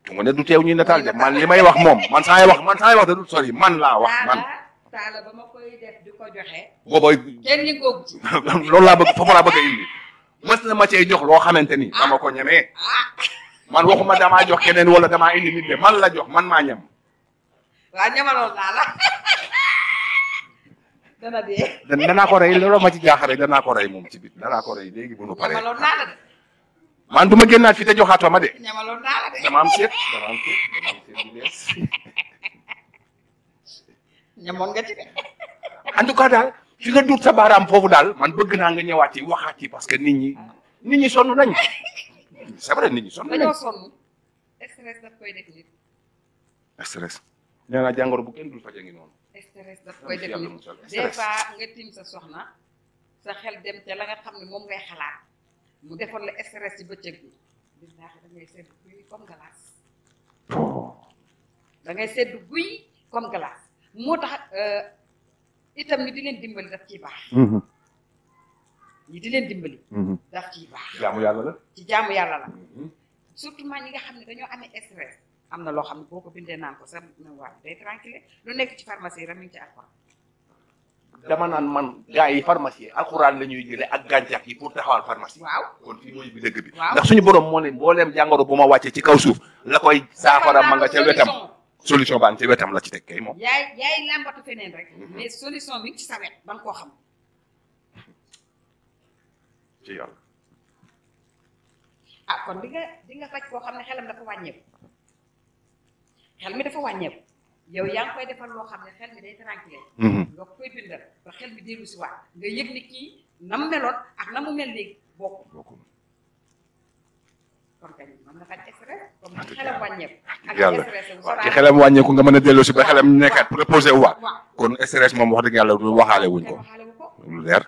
mhm. du du teew ñuy nataal de man li wax moom man saa wax man saa wax da du sori man laa wax man. *laughs* loolu laa bëgg foofu laa bëgg a indi. mës na ma cee jox loo xamante ni. dama ko ñemee. Ah, ah. man waxuma damaa jox keneen wala damaa indi nit de man la jox man maa ñam. waaw ñamaloon naa la. dana dee. danaa ko rey looloo ma ci jaaxare danaa ko rey moom ci bit danaa ko rey léegi bu nu paree. man du ma génnaat fii te joxaatoo ma de. ñamaloon naa la de. dama am seet dama *laughs* ñamoon nga ci de. daal fi nga duut sa baaraam foofu daal man bëgg naa nga ñëwaat yi waxaat yi parce que nit ñi nit ñi sonn nañ. c'est vrai nit ñi sonn nañu. dañoo sonn stress daf koy nit. stress. nee naa jàngoro bu kenn dul a ngi noonu. stress daf koy def nit des nga tiim sa soxna sa xel dem te la nga xam ne moom ngay xalaat mu defoon la stress ci bëccëg bi billahi da ngay sedd guy comme glace. Oh. da sedd guy comme glace moo tax euh, itam ni di leen dimbali daf ciy baax. Mm-hmm. ñi di leen dimbali. Mhm. ndax ci baax. jaamu yàlla la ci jaamu yàlla la. Mhm. surtout maa ñi nga xam ne dañoo amee stress. am na loo xam ne boo ko bindee naan ko sax na waa nekk ci pharmacie rek mu ngi ci alxuraan. dama naan man gars yi pharmacie alxuraan la ñuy jëlee ak gàncax yi pour taxawal pharmacie. waaw kon fii mooy bi dëgg bi. ndax suñu borom moo ne mbooleem jàngoro bu ma wàccee ci kaw suuf la koy saafara ma nga ca wetam. solution baa nga ca wetam la ci teg kay moom. yaay yaay làmbatu feneen rek. Mhm. mais solution bi ci sa wet ko xam. ci ah kon di nga faj koo xam ne xelam dafa wàññeeku mi dafa wàññeeku yow yaa ngi koy defal loo xam ne xel mi day tranquille mhm. nga yëg ni kii nam meloon ak na mu mel léegi bokku kon kañ mën nga faj nga a delloo si ba xelam nekkaat proposé yàlla lu waxaale wuñ ko lu leer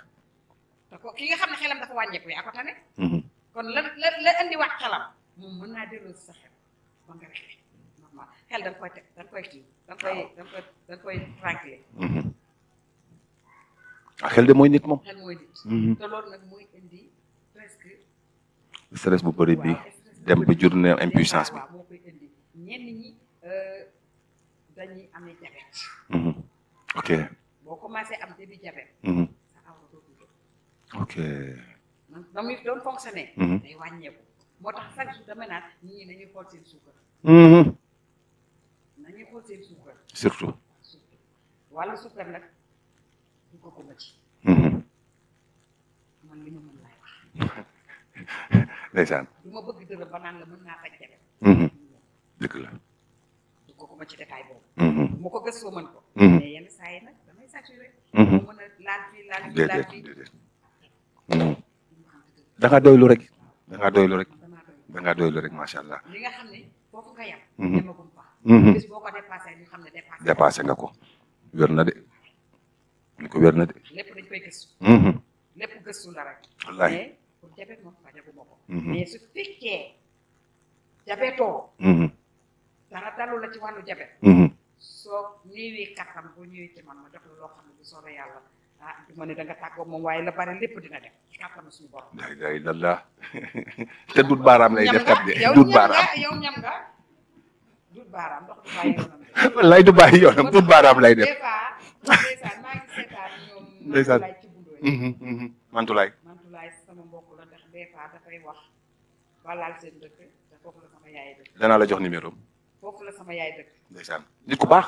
ko ki nga xam ne xelam dafa wàññeeku yaa ko tane. Mm-hmm. kon la la la xelam moom mën naa delloo si sa xel ba koy teg mm-hmm. ah, xel de moy nit moom. xel mooy nit. Mm-hmm. te loolu nag mooy indi presque. stress bu bëri bi dem ba jur ne impuissance bi. waaw moo koy indi ñenn ñi euh, amee jabet. ok boo commencé am début jabet. ok. ba muy doon fonctionné. moo tax chaque jour dama naan nit ñi nañuy suukar. nañuy xool suukar. surtout. wàllu suukar nag du ko ko boobu. bu ko gëstoo mën ko. mais yenn saa yi nag damay saturé. mu mën a laal fii laal fii laal fii. Mm. da ngaa doylu rek da ngaa doylu rek da ngaa doylu rek macha allah. li nga xam ne foofu nga mm-hmm. mm-hmm. ko dépassé de ñu ko wér de. lépp dañ ah ma ne da lépp dina *laughs* te dut baaraam lay def kat de dut baaraam yow ñam dut baaraam *laughs* du bàyyi yoonam. wallaay du bàyyi yoonam lay def. ndeysaan maa ngi seetaan ñoom. Mhm, mhm, mhm. mantulaay mantulaay sama mbokk la ndax des dafay wax danaa la jox numéro foofu ku baax.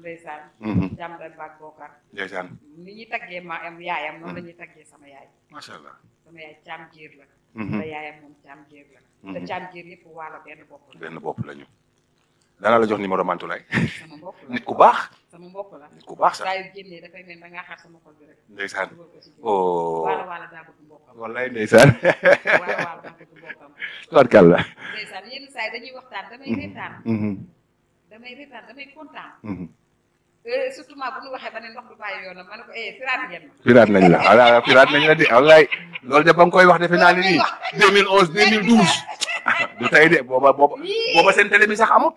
ndeysaan mhm. jàmbaar baag bookar ndeysaan ni ñuy taggee ma am yaayam noonu la mhm. ñuy taggee sama yaay macha allah sama yaay caam jiir la te mhm. yaayam moom caam jiir la te caam jiir yëpp waalo benn bopp la benn bopp la ñu danaa la jox numéro Mantoulaye sama mbokk la *laughs* nit ku baax sama mbokk la nit ku baax sax saa yu génnee dafay mel da ngaa xaar sama xol bi rek ndeysaan oh waalo waalo daa bëgg mbokkam wallaay ndeysaan *laughs* waalo waalo daa bëgg mbokkam tubaarkàlla ndeysaan yenn saa yi dañuy waxtaan damay reetaan damay reetaan damay kontaan Eh, surtout ma bu ñu waxee ba ne ndox du bàyyi yoonam eh, la voilà piraat la de wallaay loolu de ba nga koy wax defe naa ne nii 2011 2012 ah, du tey de booba booba booba seen télé bi sax amul.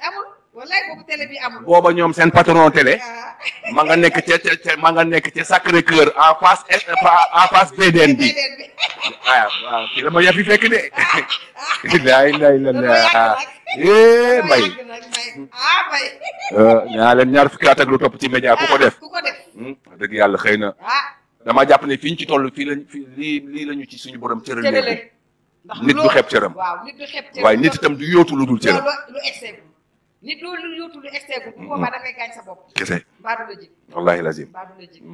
booba ñoom seen patron télé *laughs* ma nga nekk ca ca nekk ca Sacré Cœur en face en face BDN bi *laughs* ah waaw kii la ma yàpp fekk de. lay lay la la eh Mbaye. Ah, *laughs* euh, leen ñaar fukki at lu topp ci média ku ah, def. Hmm, dëgg yàlla xëy na ah. dama jàpp ne fi ñu ci toll fii lañ fii lii la ñu ci suñu borom cëral nit du xeeb nit du xeeb cëram waaye nit itam du yóotu lu dul cëram. nit loolu yóotul externe bu boobaa dangay gaañ sa kese baadu la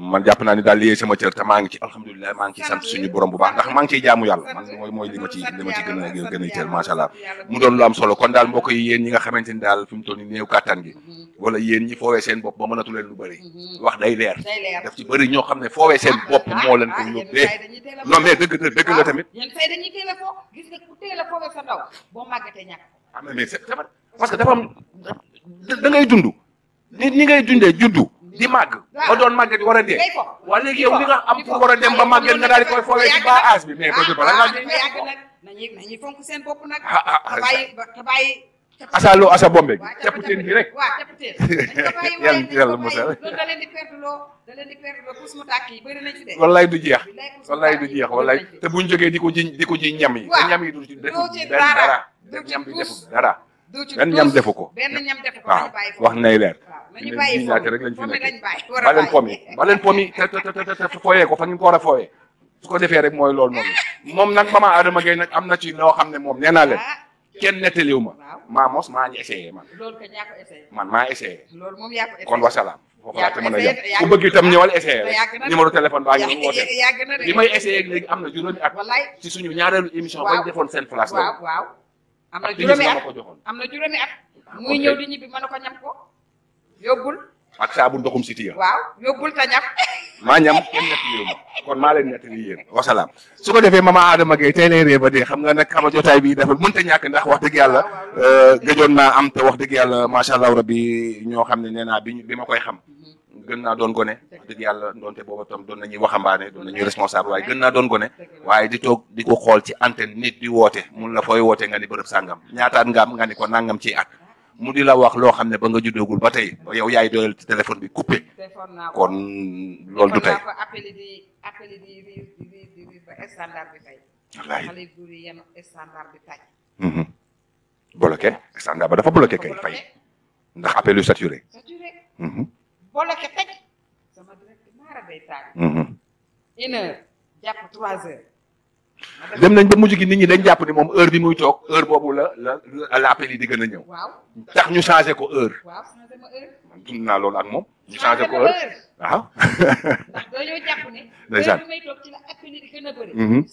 man jàpp naa ni daal liyee sama cër te maa ngi ci alhamdulilah maa ngi ciy sant suñu borom bu baax ndax maa ngi ciy jaamu yàlla man mooy mooy li ma ci ma ci gën a gën a itteel macha allah mu doon lu am solo kon daal mbokk yi yéen ñi nga xamante ni daal fi mu toll nii néew kàttan mm-hmm. wala yéen ñi foowee seen bopp ba mënatu leen lu bëri mm-hmm. wax day leer daf ci bëri ñoo xam ne foowee seen bopp ah, moo leen ko ah, yóbbee non mais dëgg la dëgg ah, la tamit parce que dafa am da dund nit ñi ngay dundee juddu di màgg ba doon màgget war a dee waa léegi yow li nga am pour war a ba màgget nga daal di koy foowee aas bi mais ah, ah, ah, ba bala ngaa dee loo asa bombe bi bi rek waaw musal da du jeex wallaay du jeex wallaay te buñ jógee di ko ji ñam yi te ñam yi du ci dara ñam bi deful dara benn ñam defu ko waaw wax nay leer léegi ñaata rek lañ fi nekk ba yi ba leen pom yi te te te fooyee ko fa ñu ko war a fooyee su ko defee rek mooy loolu moom moom nag ma Adama Gueye nag am na ci loo xam ne moom nee naa leen ah, kenn nettaliw ma maa mos maa ngi essayé man man maa essayé kon wasalaam foofu laa ci mën a yem ku bëgg itam ñëwal essayé rek numéro téléphone baa ngi doon woote am na juróomi at ci suñu ñaareelu émission bañ defoon seen place la am na juróomi at am na juróomi at muy ñëw di ñibbi mën na ko ñam ko yóbbul ak saabu ndoxum si tiya waaw yóbbul ta ñam *laughs* maa ñam kon maa leen nettali yéen wasalaam su ko defee mama Adama Gueye tey lay rée ba dee xam nga nag xama jotaay bi dafa mënta ñàkk ndax wax dëgg yàlla euh, gëjoon na am te wax dëgg yàlla macha allah rabbi ñoo xam ne nee naa bi bi ma koy xam gën naa doon gone wax dëgg yàlla doonte booba tam doon nañuy waxambaane doon nañuy responsable waaye gën na doon gone waaye di toog di ko xool ci antenne nit di woote mun la fooy woote nga ni bërëb sàngam ñaataat nga am nga ni ko nangam ci at mu di la wax loo xam ne ba nga juddoogul ba tey yow yaay doyal ci téléphone bi coupé kon loolu du tey wallaahi mhm. bloqué standard ba dafa bloqué kay fay ndax appel yu boo lekkee teg sama direct maara day taal. une heure jàpp trois heures. dem nañ ba mujj gi nit ñi dañ jàpp ni moom heure bi muy toog heure boobu la la la appel yi di gën a ñëw. tax ñu changé ko heure. waaw heure. naa loolu ak moom. ñu changé ko heure waaw. *laughs* ndax mhm.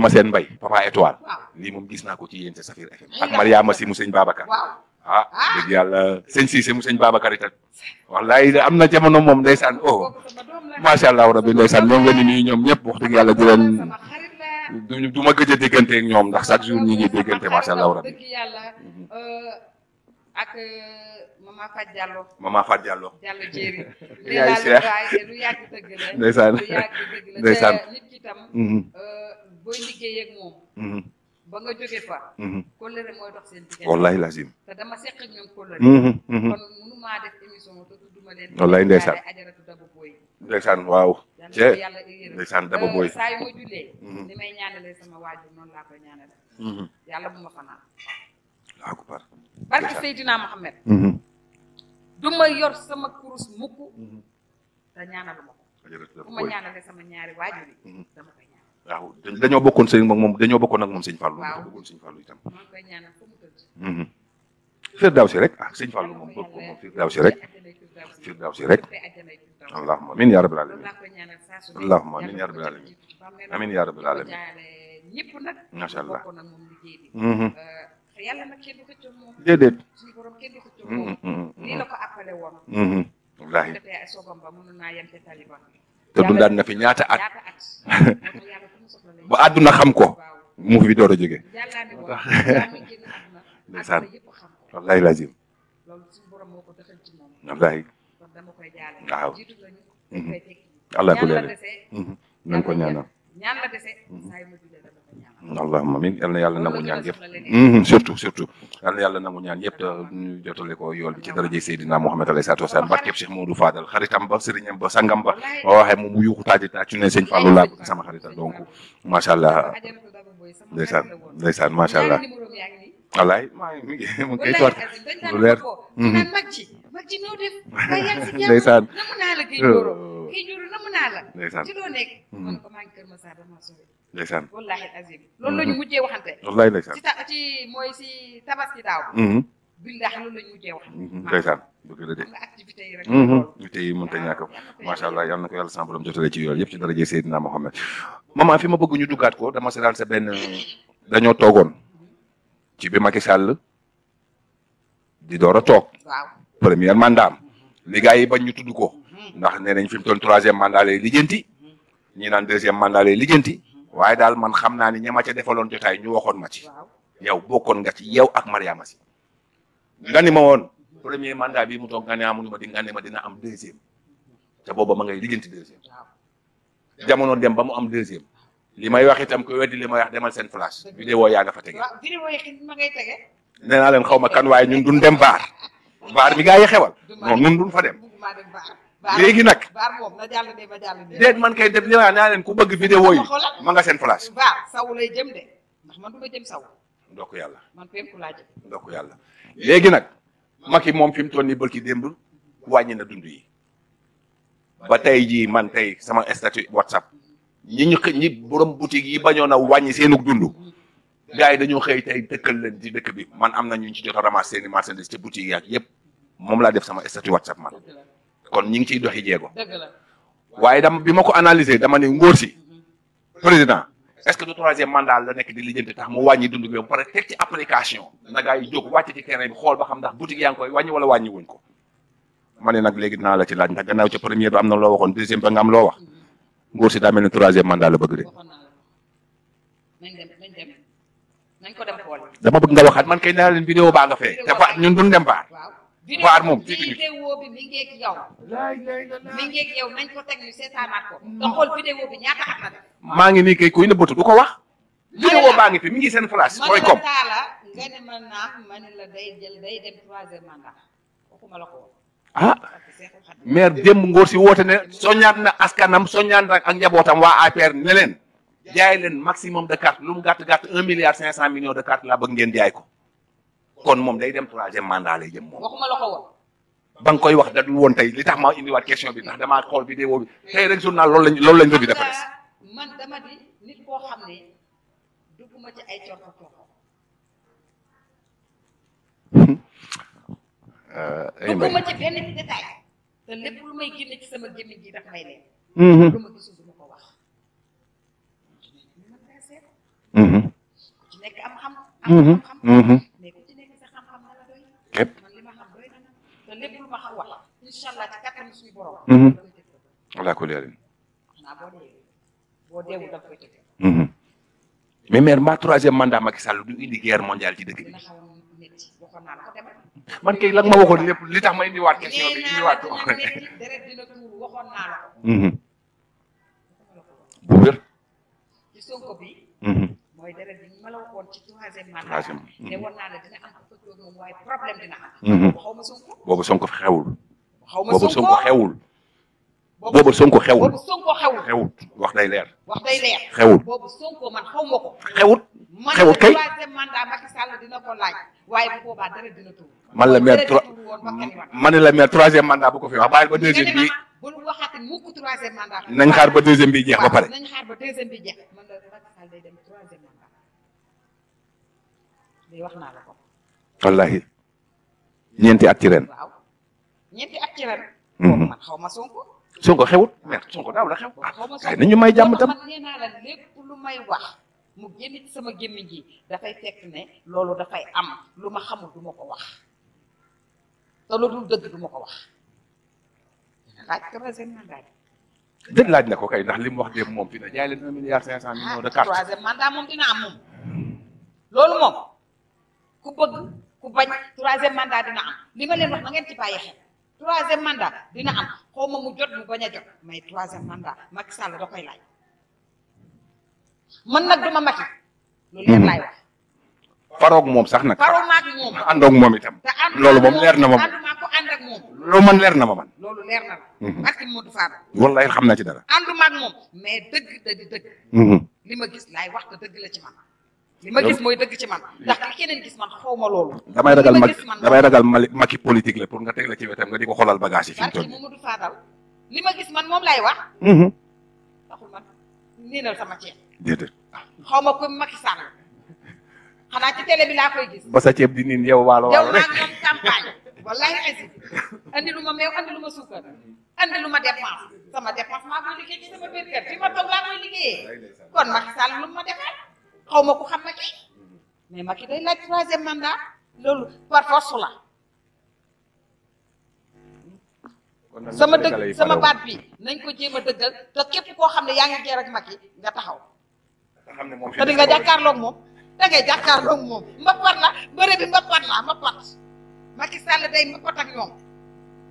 ma seen jël sama mhm. Papa Étoile. waaw lii moom gis naa ko ci yéen ci Safir FM. ak Mariama si mu sëñ Ah, ah dëgg yàlla sëñ Cissé mu sëñ Babacar itam de am na jamono moom ndeysaan oh macha allah rabi ndeysaan ñoom nga ni ñoom ñëpp wax dëgg yàlla di leen du ma gëj a déggante ñoom ndax chaque jour ñi ngi déggante macha allah mhm. euh, euh, mama Fat Diallo. mama Fat Diallo. Diallo Jéeri. *laughs* yaay Cheikh ba nga jóge fa. Mhm. kóllëre mooy dox seen diggante. wallaahi lazim. te dama seq ak ñoom kóllëre. Mhm, mhm. kon munu maa def émission waaw. yàlla ndeysaan daba euh, booy. ni may ñaanalee sama waajur noonu laa koy ñaanalee. yàlla bu ma fanaan. waaw akbar. barke Seydina Mohamed. du ma yor sama kurus mukk. te ñaanal ma ko. bu ma ñaanalee sama ñaari waajur waaw dañoo bokkoon sëñ moom dañoo bokkoon ak moom sëñ Fallou. waaw bokkoon sëñ Fallou itam. Mhm. firdawsi rek ah sëñ Fallou moom bokk moom firdawsi rek firdawsi rek allahumma ya rabbil alamin amin ya rabbil alamin amin allah. Mhm. Euh, yàlla nag kenn du ko coow moom. déedéet. suñu borom mhm, na fi ñaata at. ba àdduna xam ko mu fi door wallahi lazim wallahi waaw mhm. allah ku leer mhm. ko ñaanal allahumma amiin yal na yàlla nangu ñaan yëpp mm-hmm. surtout surtout yal na yàlla nangu ñaan yëpp te euh, ñu jotale ko yool bi ci daraje Seydina Muhammad alayhi salaatu wasalaam barkeb Cheikh Modou Fadal xaritam ba sëriñam ba sangam ba ma waxee moom mu yuuxu taaji taaj ci ne sëñ Fallou laa bëgg sama xarital donc macha allah ndeysaan ndeysaan macha allah wallaay maa ngi mi ngi koy toog lu leer mm-hmm. ndeysaan ndeysaan ndeysaan wallaahi azim loolu la ñu mhm. mujjee waxante wallaahi ndeysaan ci ta ci mooy si tabaski daaw mhm. la ñu mujjee wax mhm. ndeysaan dëgg la de activité yi rek activité yi mënta ah, ñàkk allah yal na ko yàlla sama borom jotale ci yoon yëpp ci daraje Seydina Mohamed maman fi ma bëgg ñu duggaat ko dama seetaan sa dañoo toogoon ci bi Macky Sall di door toog premier mandat li gars yi bañ ñu ko ndax nee nañ fi mu toll troisième mandat lay lijjanti ñi naan deuxième mandat lay lijjanti waaye daal man xam naa ni ña ma ca defaloon jotaay ñu waxoon ma ci yow bokkoon nga ci yow ak Mariama si nga ni ma woon premier mandat bi mu toog nga ne amuñu ma di nga ma dina am deuxième te booba ma ngay liggéenti deuxième jamono dem ba mu am deuxième li may wax itam ku weddi li may wax demal seen flash vidéo yaa nga fa tege nee naa leen xaw ma kan waaye ñun duñ dem baar baar mi gaa yi xewal non ñun fa dem léegi nag déet man kay def ñëwaat naa leen ku bëgg vidéo yi ma nga seen place. waaw saw lay de ndax man du ma jëm saw. ndokk yàlla man penku laa jëm. ndokk yàlla léegi nag. Macky moom fi mu toll nii bëlki démb wàññi na dund yi ba tey jii man tey sama statut WhatsApp ñi ñu xëy ñi borom boutique yi bañoon a wàññi seenug dund. gars yi dañoo xëy tey dëkkal leen di dëkk bi man am na ñu ci jot a ramasser seeni marchandise ci boutique yi ak yëpp moom laa def sama statut WhatsApp man. kon ñi ngi ciy doxi jéego waaye dama bi ma ko analyser dama ne ngóor si mm-hmm. président est-ce que du troisième mandat la nekk di lijjanti tax mu wañi dund bi ba pare teg ci application na gaa yi jóg wàcc ci terrain xool ba xam ndax boutique yaa koy wàññi wala wàññi wuñ ko ma ne nag léegi dinaa la ci laaj ndax gannaaw ci première ba am na loo waxoon deuxième ba nga am loo wax mm-hmm. ngóor si daa mel la bëgg de dama bëgg nga waxaat man kay naa leen vidéo baa nga fee te fa waar moom vidéo bi mi ngeeg yow. mi ngeeg ko teg ñu ko. maa ngi nii kay kuy nëbbatu du wax. mi ngi seen flash. mooy comme man la nga ne ma naam ma ne day jël day dem troisième mandat waxuma la ko woon. ah maire démb si woote ne soññaat na askanam soññaat na ak njabootam waa APR ne leen jaay leen maximum de carte lu mu gàtt un milliard cinq cent millions de carte laa bëgg ngeen jaay ko. kon moom day dem troisième mandat lay jëm moom. waxuma la ko woon. koy wax da dul woon tey li tax ma indiwaat bi ndax damaa xool bi tey rek journal loolu lañ loolu lañ nit koo xam ne dugguma ci ay coono coono. *laughs* Eh, dugguma ci benn détail te lépp lu may génne ci sama gémmiñ gi daf may leen. Mhm. lu ma incha allah ci kattan suñu borom. du indi guerre mondiale man kay lan ma lépp li tax ma indiwaat question bi indiwaat ko. Mhm. bu mhm. mhm. boobu Sonko fi xewul. boobu Sonko xewul. boobu Sonko xewul boobu wax day leer. xewul. man xaw ma ko. xewul xewul kay man la maire tro man la maire troisième mandat bu ko fi ba deuxième bi. bu ñu ba deuxième bi jeex ba ba deuxième bi man la Macky Sall day dem troisième ñetti at ci mhm. man xaw ma Sonko. Sonko xewut mais Sonko daaw la xew. kay ah, nañu may jàmm tam naa la lépp lu may wax mu sama gémmiñ ji dafay loolu dafay am lu ma xamul du ma ko wax te lu dëgg du ma ko wax. laaj troisième mandat na ko kay ndax li mu wax de moom dina jaay leen un milliard cinq cent ah, loolu moom ku bëgg ku bañ troisième mandat dina am li wax na ngeen ci bàyyi xel. troisième mandat dina am xaw ma mu jot mu bañ a jot mais troisième mandat Macky Sall da koy laaj man nag duma Macky lu leer laay wax. faroog moom sax nag. faroog maag moom àndoog moom itam. te loolu moom leer na ma man loolu man leer na ma man. loolu leer na ma. parce mhm. que Modou Fall. wallahi xam naa ci dara. ànduma ak moom mais dëgg da dëgg. Mhm. li ma gis laay wax dëgg la ci li ma gis mooy dëgg ci man ndax ki keneen gis man xaw ma loolu damay ragal ma damay ragal maki politique la pour nga teg la ci wetam nga di ko xoolal bagage yi fi mu toll Mamadou Fadal li ma gis man moom lay wax mm-hmm. taxul man niinal sama ceeb xaw ma ko Macky xanaa ci télé bi laa koy gis ba sa ceeb di niin yow waalo waalo rek yow maa ngi campagne wallahi asi lu ma meew andi lu ma suukar andi lu ma dépense sama dépense maa koy liggéey ci sama biir kër fi ma toog laa koy xaw ma ko xam Macky eh. mais Macky day laaj troisième mandat loolu par force la sama dëgg sama baat bi nañ ko jéem a dëggal te képp koo xam ne yaa ngi geer ak Macky nga taxaw te di nga jàkkaarloog moom da ngay jàkkaarloog moom mbapat la bëre bi mbapat la mbapat Macky Sall day mbapat ak ñoom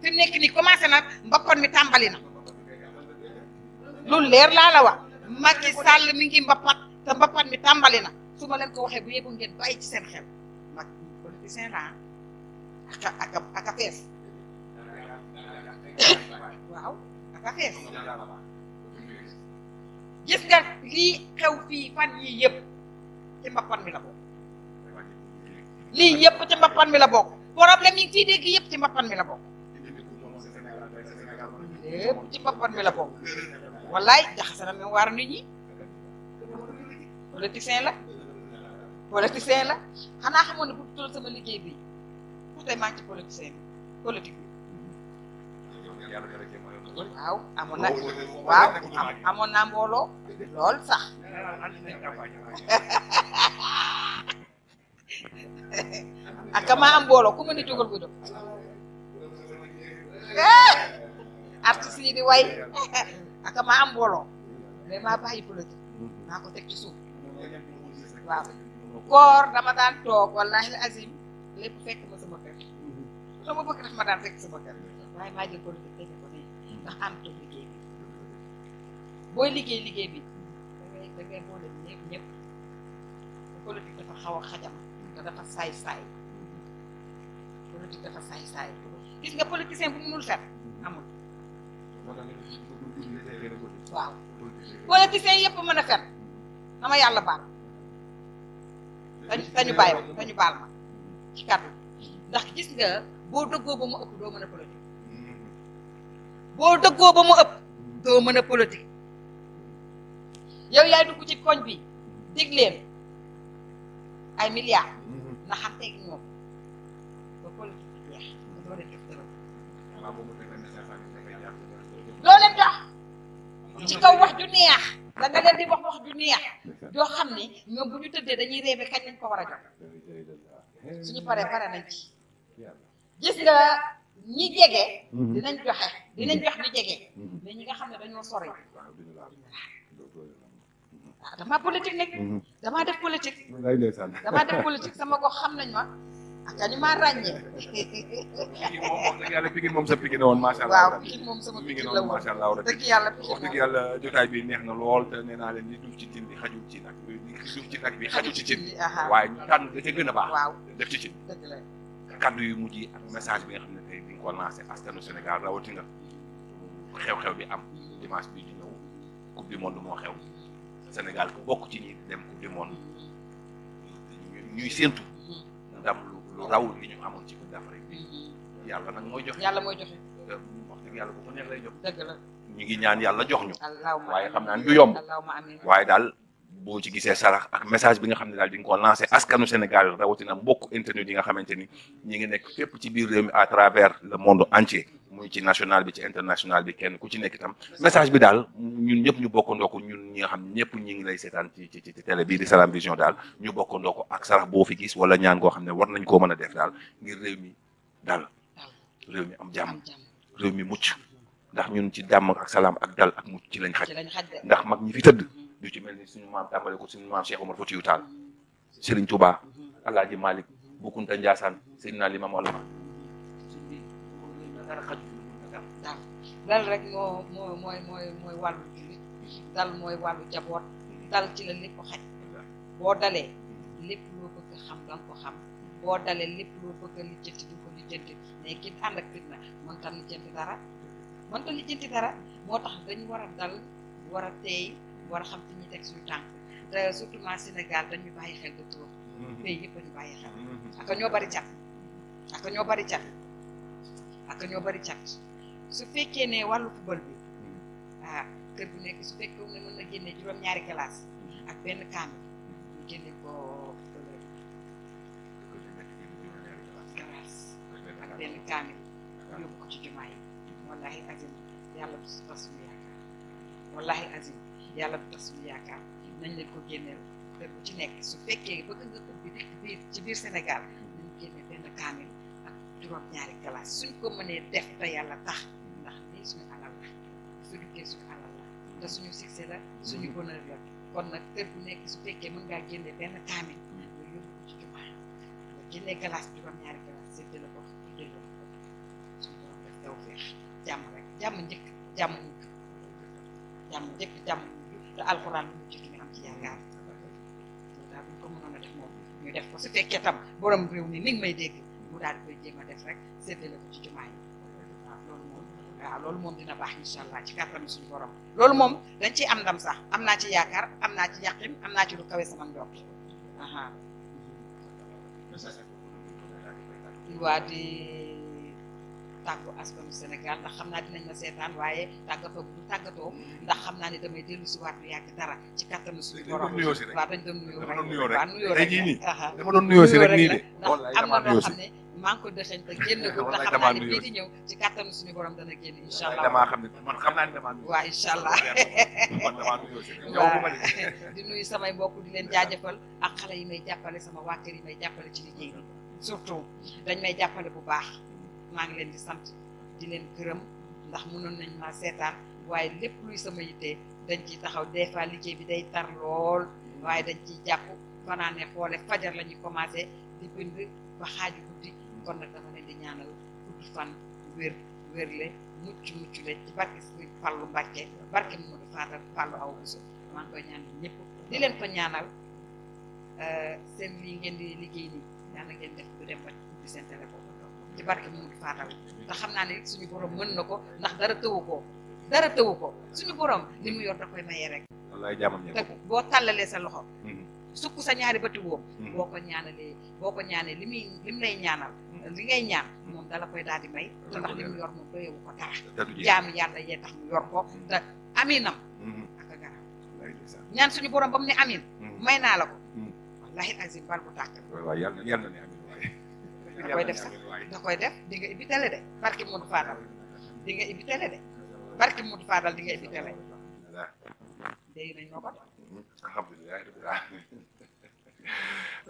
fi mu nekk nii commencé na mbapat mi tàmbali na lu leer laa la wax Macky Sall mi ngi mbapat te mbappat mi tàmbali na su ma leen ko waxee bu yeboo ngeen bàyyi ci seen xel mag politicien la aka aka aka waaw aka fees gis lii xew fii fan yii yëpp ci mbappat mi la bokk lii yëpp ci mbappat mi la bokk problème ci mbappat mi la bokk yëpp ci mbappat mi na mi waar nit ñi politicien la politicien la xanaa xamoon ne bu tudd sama liggéey bi pour tey maa ngi na waaw naa mbooloo lool sax *laughs* ak maa am mbooloo ku ma ni jógal bu def eh, way *laughs* ak maa am mbooloo mais maa bàyyi politique maa ko teg ci suuf waaw koor dama daan toog wallaahi la azim lépp fekk ma sama kër la ma bëgg daf ma daan fekk sama liggéey liggéey bi da ngay saay dafa saay-saay gis nga politicien bu mënul fen waaw politicien yëpp mën a fen na ma yàlla baal dañu bàyyi baal ma ci kàddu ndax gis nga boo dëggoo ba mu ëpp doo mën a politique dëggoo ba mu ëpp doo mën a politique yow yaay ci koñ bi dig leen ay milliards na xam teg ñoom ci kaw wax ju da nga leen di wax wax ju neex xam ne ñoom bu ñu tëddee dañuy reebe kañ lañ ko war a jox suñu paree pare nañ ci gis nga ñi jege mhm. dinañ joxe dinañ mhm. jox ñi jege mhm. mais ñi nga xam ne dañoo sori waaw ah, damaa politique nekk damaa def politique damaa def politique sama ko xam nañ ma ak ni maa ràññee. moom wax dëgg yàlla Pikine moom sa Pikine la woon macha allah. waaw Pikine moom sama Pikine la woon macha allah dëgg yàlla Pikine wax yàlla jotaay bi neex na lool te nee naa leen ni duuf ci cin bi xajul ci nag ni duuf ci nag bi xajul ci cin waaye ñu tànn da ca gën a baax. waaw def ci cin. kaddu yu mujj yi ak message bi nga xam ne tey di nga ko lancé Sénégal rawatina xew-xew bi am dimanche bi di ñëw coupe du monde moo xew Sénégal ku bokk ci ñi dem coupe du monde ñuy rawul gi ñu amoon ci Coupe d'Afrique bi yàlla nag mooy joxe yàlla mooy joxe eh, wax yàlla bu ko neex lay la ñu ngi ñaan yàlla jox ñu waaye xam naa du yomb waaye daal boo ci gisee sarax ak message bi nga xam ne daal di nga ko lancé askanu Sénégal rawatina mbokk internet yi nga xamante ni ñi ngi nekk fépp ci biir réew mi à travers le monde entier muy ci national bi ci international bi kenn ku ci nekk itam message bi daal ñun ñëpp ñu bokkandoo ko ñun ñi nga xam ñëpp ñi ngi lay seetaan ci ci ci télé bii di Salam Vision daal ñu bokkandoo ko ak sarax boo fi gis wala ñaan ko xam ne war nañ koo mën a def daal ngir réew mi daal réew mi am jàmm réew mi mucc ndax ñun ci jàmm ak salaam ak dal ak ci lañ xaj du ci mel ni suñu maam tàmbale dal mooy mooy jaboot dal ci la lépp xaj boo dalee lépp loo xam danga ko xam boo dalee lépp loo bëgg a lijjanti du ko lijjanti mais ki ànd ak fitna mënta lijjanti dara moo tax dañu war dal war teey war a xam fi ñuy teg suñu tànk te surtout Sénégal dañuy bàyyi xel de trop. Mhm. pays yëpp dañu bàyyi xel. Mhm. ak ñoo bari cat ak ñoo bari cat su fekkee ne wàllu football bi mhm. ah, kër bu nekk su fekkee ne mën na génne juróom-ñaari classe ak benn kaamil ñu ko ci jumaa wallahi azim yàlla du si fas suñu yaakaar wallahi azim yàlla bu suñu yaakaar nañ leen ko génneel kër bu ci nekk su fekkee bëgg nga ubbi dëkk biir ci biir Sénégal nañ génne benn kaamil ak juróom-ñaari classe suñ ko mënee def te yàlla tax ndax lii suñu alal la suñu alal la suñu succès la suñu kon nag kër bu nekk su fekkee mën ngaa génne benn kaamil nga yóbbu ko ci jumaa nga génne juróom-ñaari classe séddale ko tuddee ko suñu borom def taw feex jàmm rek jàmm njëkk jàmm njëkk jàmm te alxuraan bi ci ñu am ci yaakaar loolu daal def moom ñu def mi ni may dégg mu daal di loolu moom waaw moom dina ci kàttanu suñu borom loolu moom dañ ciy am ndam sax am naa ci yaakaar am naa ci yaqin am naa ci lu kawe sama ndox aha waa tàggu askanu Sénégal ndax xam naa dinañ na seetaan waaye tàggatoo bu tàggatoo ndax xam naa ne damay dellu si waat lu yàgg dara ci kattanu suñu borom waaw dañ doon nuyoo rek waaw nuyoo rek dama doon nuyoo si rek nii de ndax am na loo xam ne maa ngi ko dëxëñ te génn ko di ñëw ci kattanu suñu borom dana génn incha allah damaa di nuyu samay mbokk di leen jaajëfal ak xale yi may jàppale sama waa kër yi may jàppale ci liggéey bi surtout dañ may jàppale bu baax maa ngi leen di sant di leen gërëm ndax mënoon nañu maa seetaan waaye lépp luy sama yitte dañ ci taxaw des fois liggéey bi day tar lool waaye dañ ci jàpp fanaane xoole fajar lañuy ñuy commencé di bind ba xaaju guddi kon nag dama di ñaanal guddi fan wér wér le mucc mucc le ci barke Sëriñ Fallu Mbàkke barke Modou Fatal Fallu aw Bousso maa ngi koy ñaanal ñëpp di leen ko ñaanal euh, seen lii ngeen di liggéey nii daana ngeen def du dem ba ubbi seen téléphone ci barke Mamadou Faataw ndax xam naa ne suñu borom mën na ko ndax dara tëwu ko dara tëwu ko suñu borom li mu yor da koy maye rek. boo tàllalee sa loxo. Mhm. sukk sa ñaari bëti woom mhm. boo ko ñaanalee boo ko ñaanee li muy li mu lay ñaanal. Mhm. li ngay ñaan moom dala koy daal di may. te ndax li mu yor moom doyewu ko dara. jaamu yàlla yee tax mu yor ko te aminam. ñaan suñu borom ba mu ne amin. may naa la ko. wallahi azim bal bu tàkk. waaw da koy def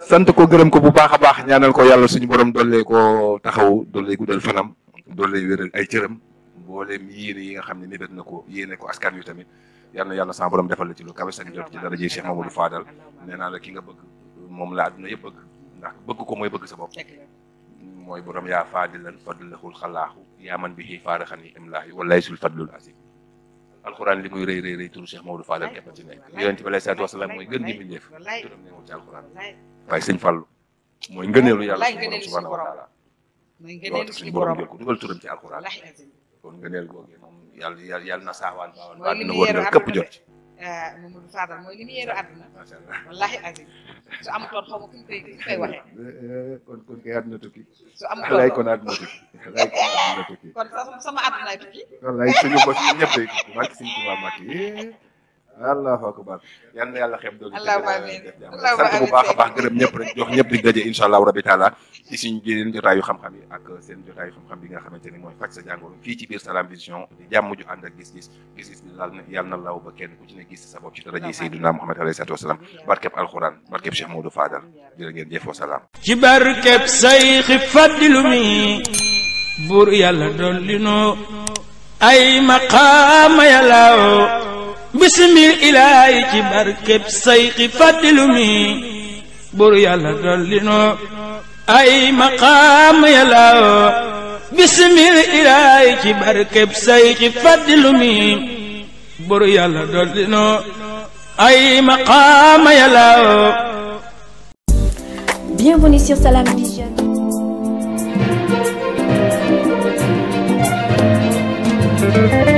sax ko gërëm ko bu baax a baax ñaanal ko yàlla suñu borom dollee ko taxaw dollee guddal fanam dollee wéral ay cëram mbooleem yéene yi nga xam ne mébét na ko yéene ko askan wi tamit yal na yàlla sama defal la ci lu kawe sa jot ci daraja Cheikh Mamadou Fadal nee naa la ki nga bëgg moom la àdduna yëpp bëgg ndax bëgg ko mooy bëgg sa bopp mooy borom yaa faadilan fadlahul xalaaxu yaa man bi xii faaraxan yi imlaahi wallaay sul fadlul azim alxuraan li muy rëy rëy rëy turu Cheikh Maodo Fadal képp ci nekk yonent bi alayhi salaatu wasalaam mooy gën gi mbindeef turam ne ci alxuraan waaye sëñ Fallu mooy ngëneelu yàlla suñu borom subhaanahu wa taala loolu tax suñu borom jël na saawaan baawaan baa dina wër këpp jot ci Mamadou Fadal mooy li mu yeeru àdduna wallahi azim su amutoon xaw ma fu ñu koy fu ñu koy waxee kon kon kay àdduna tukki su amutoon lay kon àdduna tukki lay kon àdduna tukki kon sama àdduna tukki wallahi suñu bos ñun ñëpp day tukki màkk suñu tubaab màkk allahu akbar yal na yàlla xeeb doolu bu baax a baax gërëm ñëpp rek jox ñëpp di daje insha allahu rabi taala i suñu jéneen jotaayu xam-xam yi ak seen jotaayu xam-xam bi nga xamante ni mooy faj sa jàngoro fii ci biir Salam Vision di jàmm ju ànd ak gis-gis gis-gis na yàl na law ba kenn ku ci ne gis sa bopp ci daraje Seydina Muhammad alayhi salaatu wa salaam barkeb alxuraan barkeb Cheikh Modou Fadal jërë ngeen jëfoo salaam ci barkeb say xi faddilu mi buur yàlla dolli noo ay maqaama yàlla bisimil ilaahi ci barkeb sayxi fàddilu mi bur yàlla dolli ay maqaam yàllaw bisimil ilaahi ci barkeb sayxi fàddilu mi bur yàlla ay maqaam yàllaw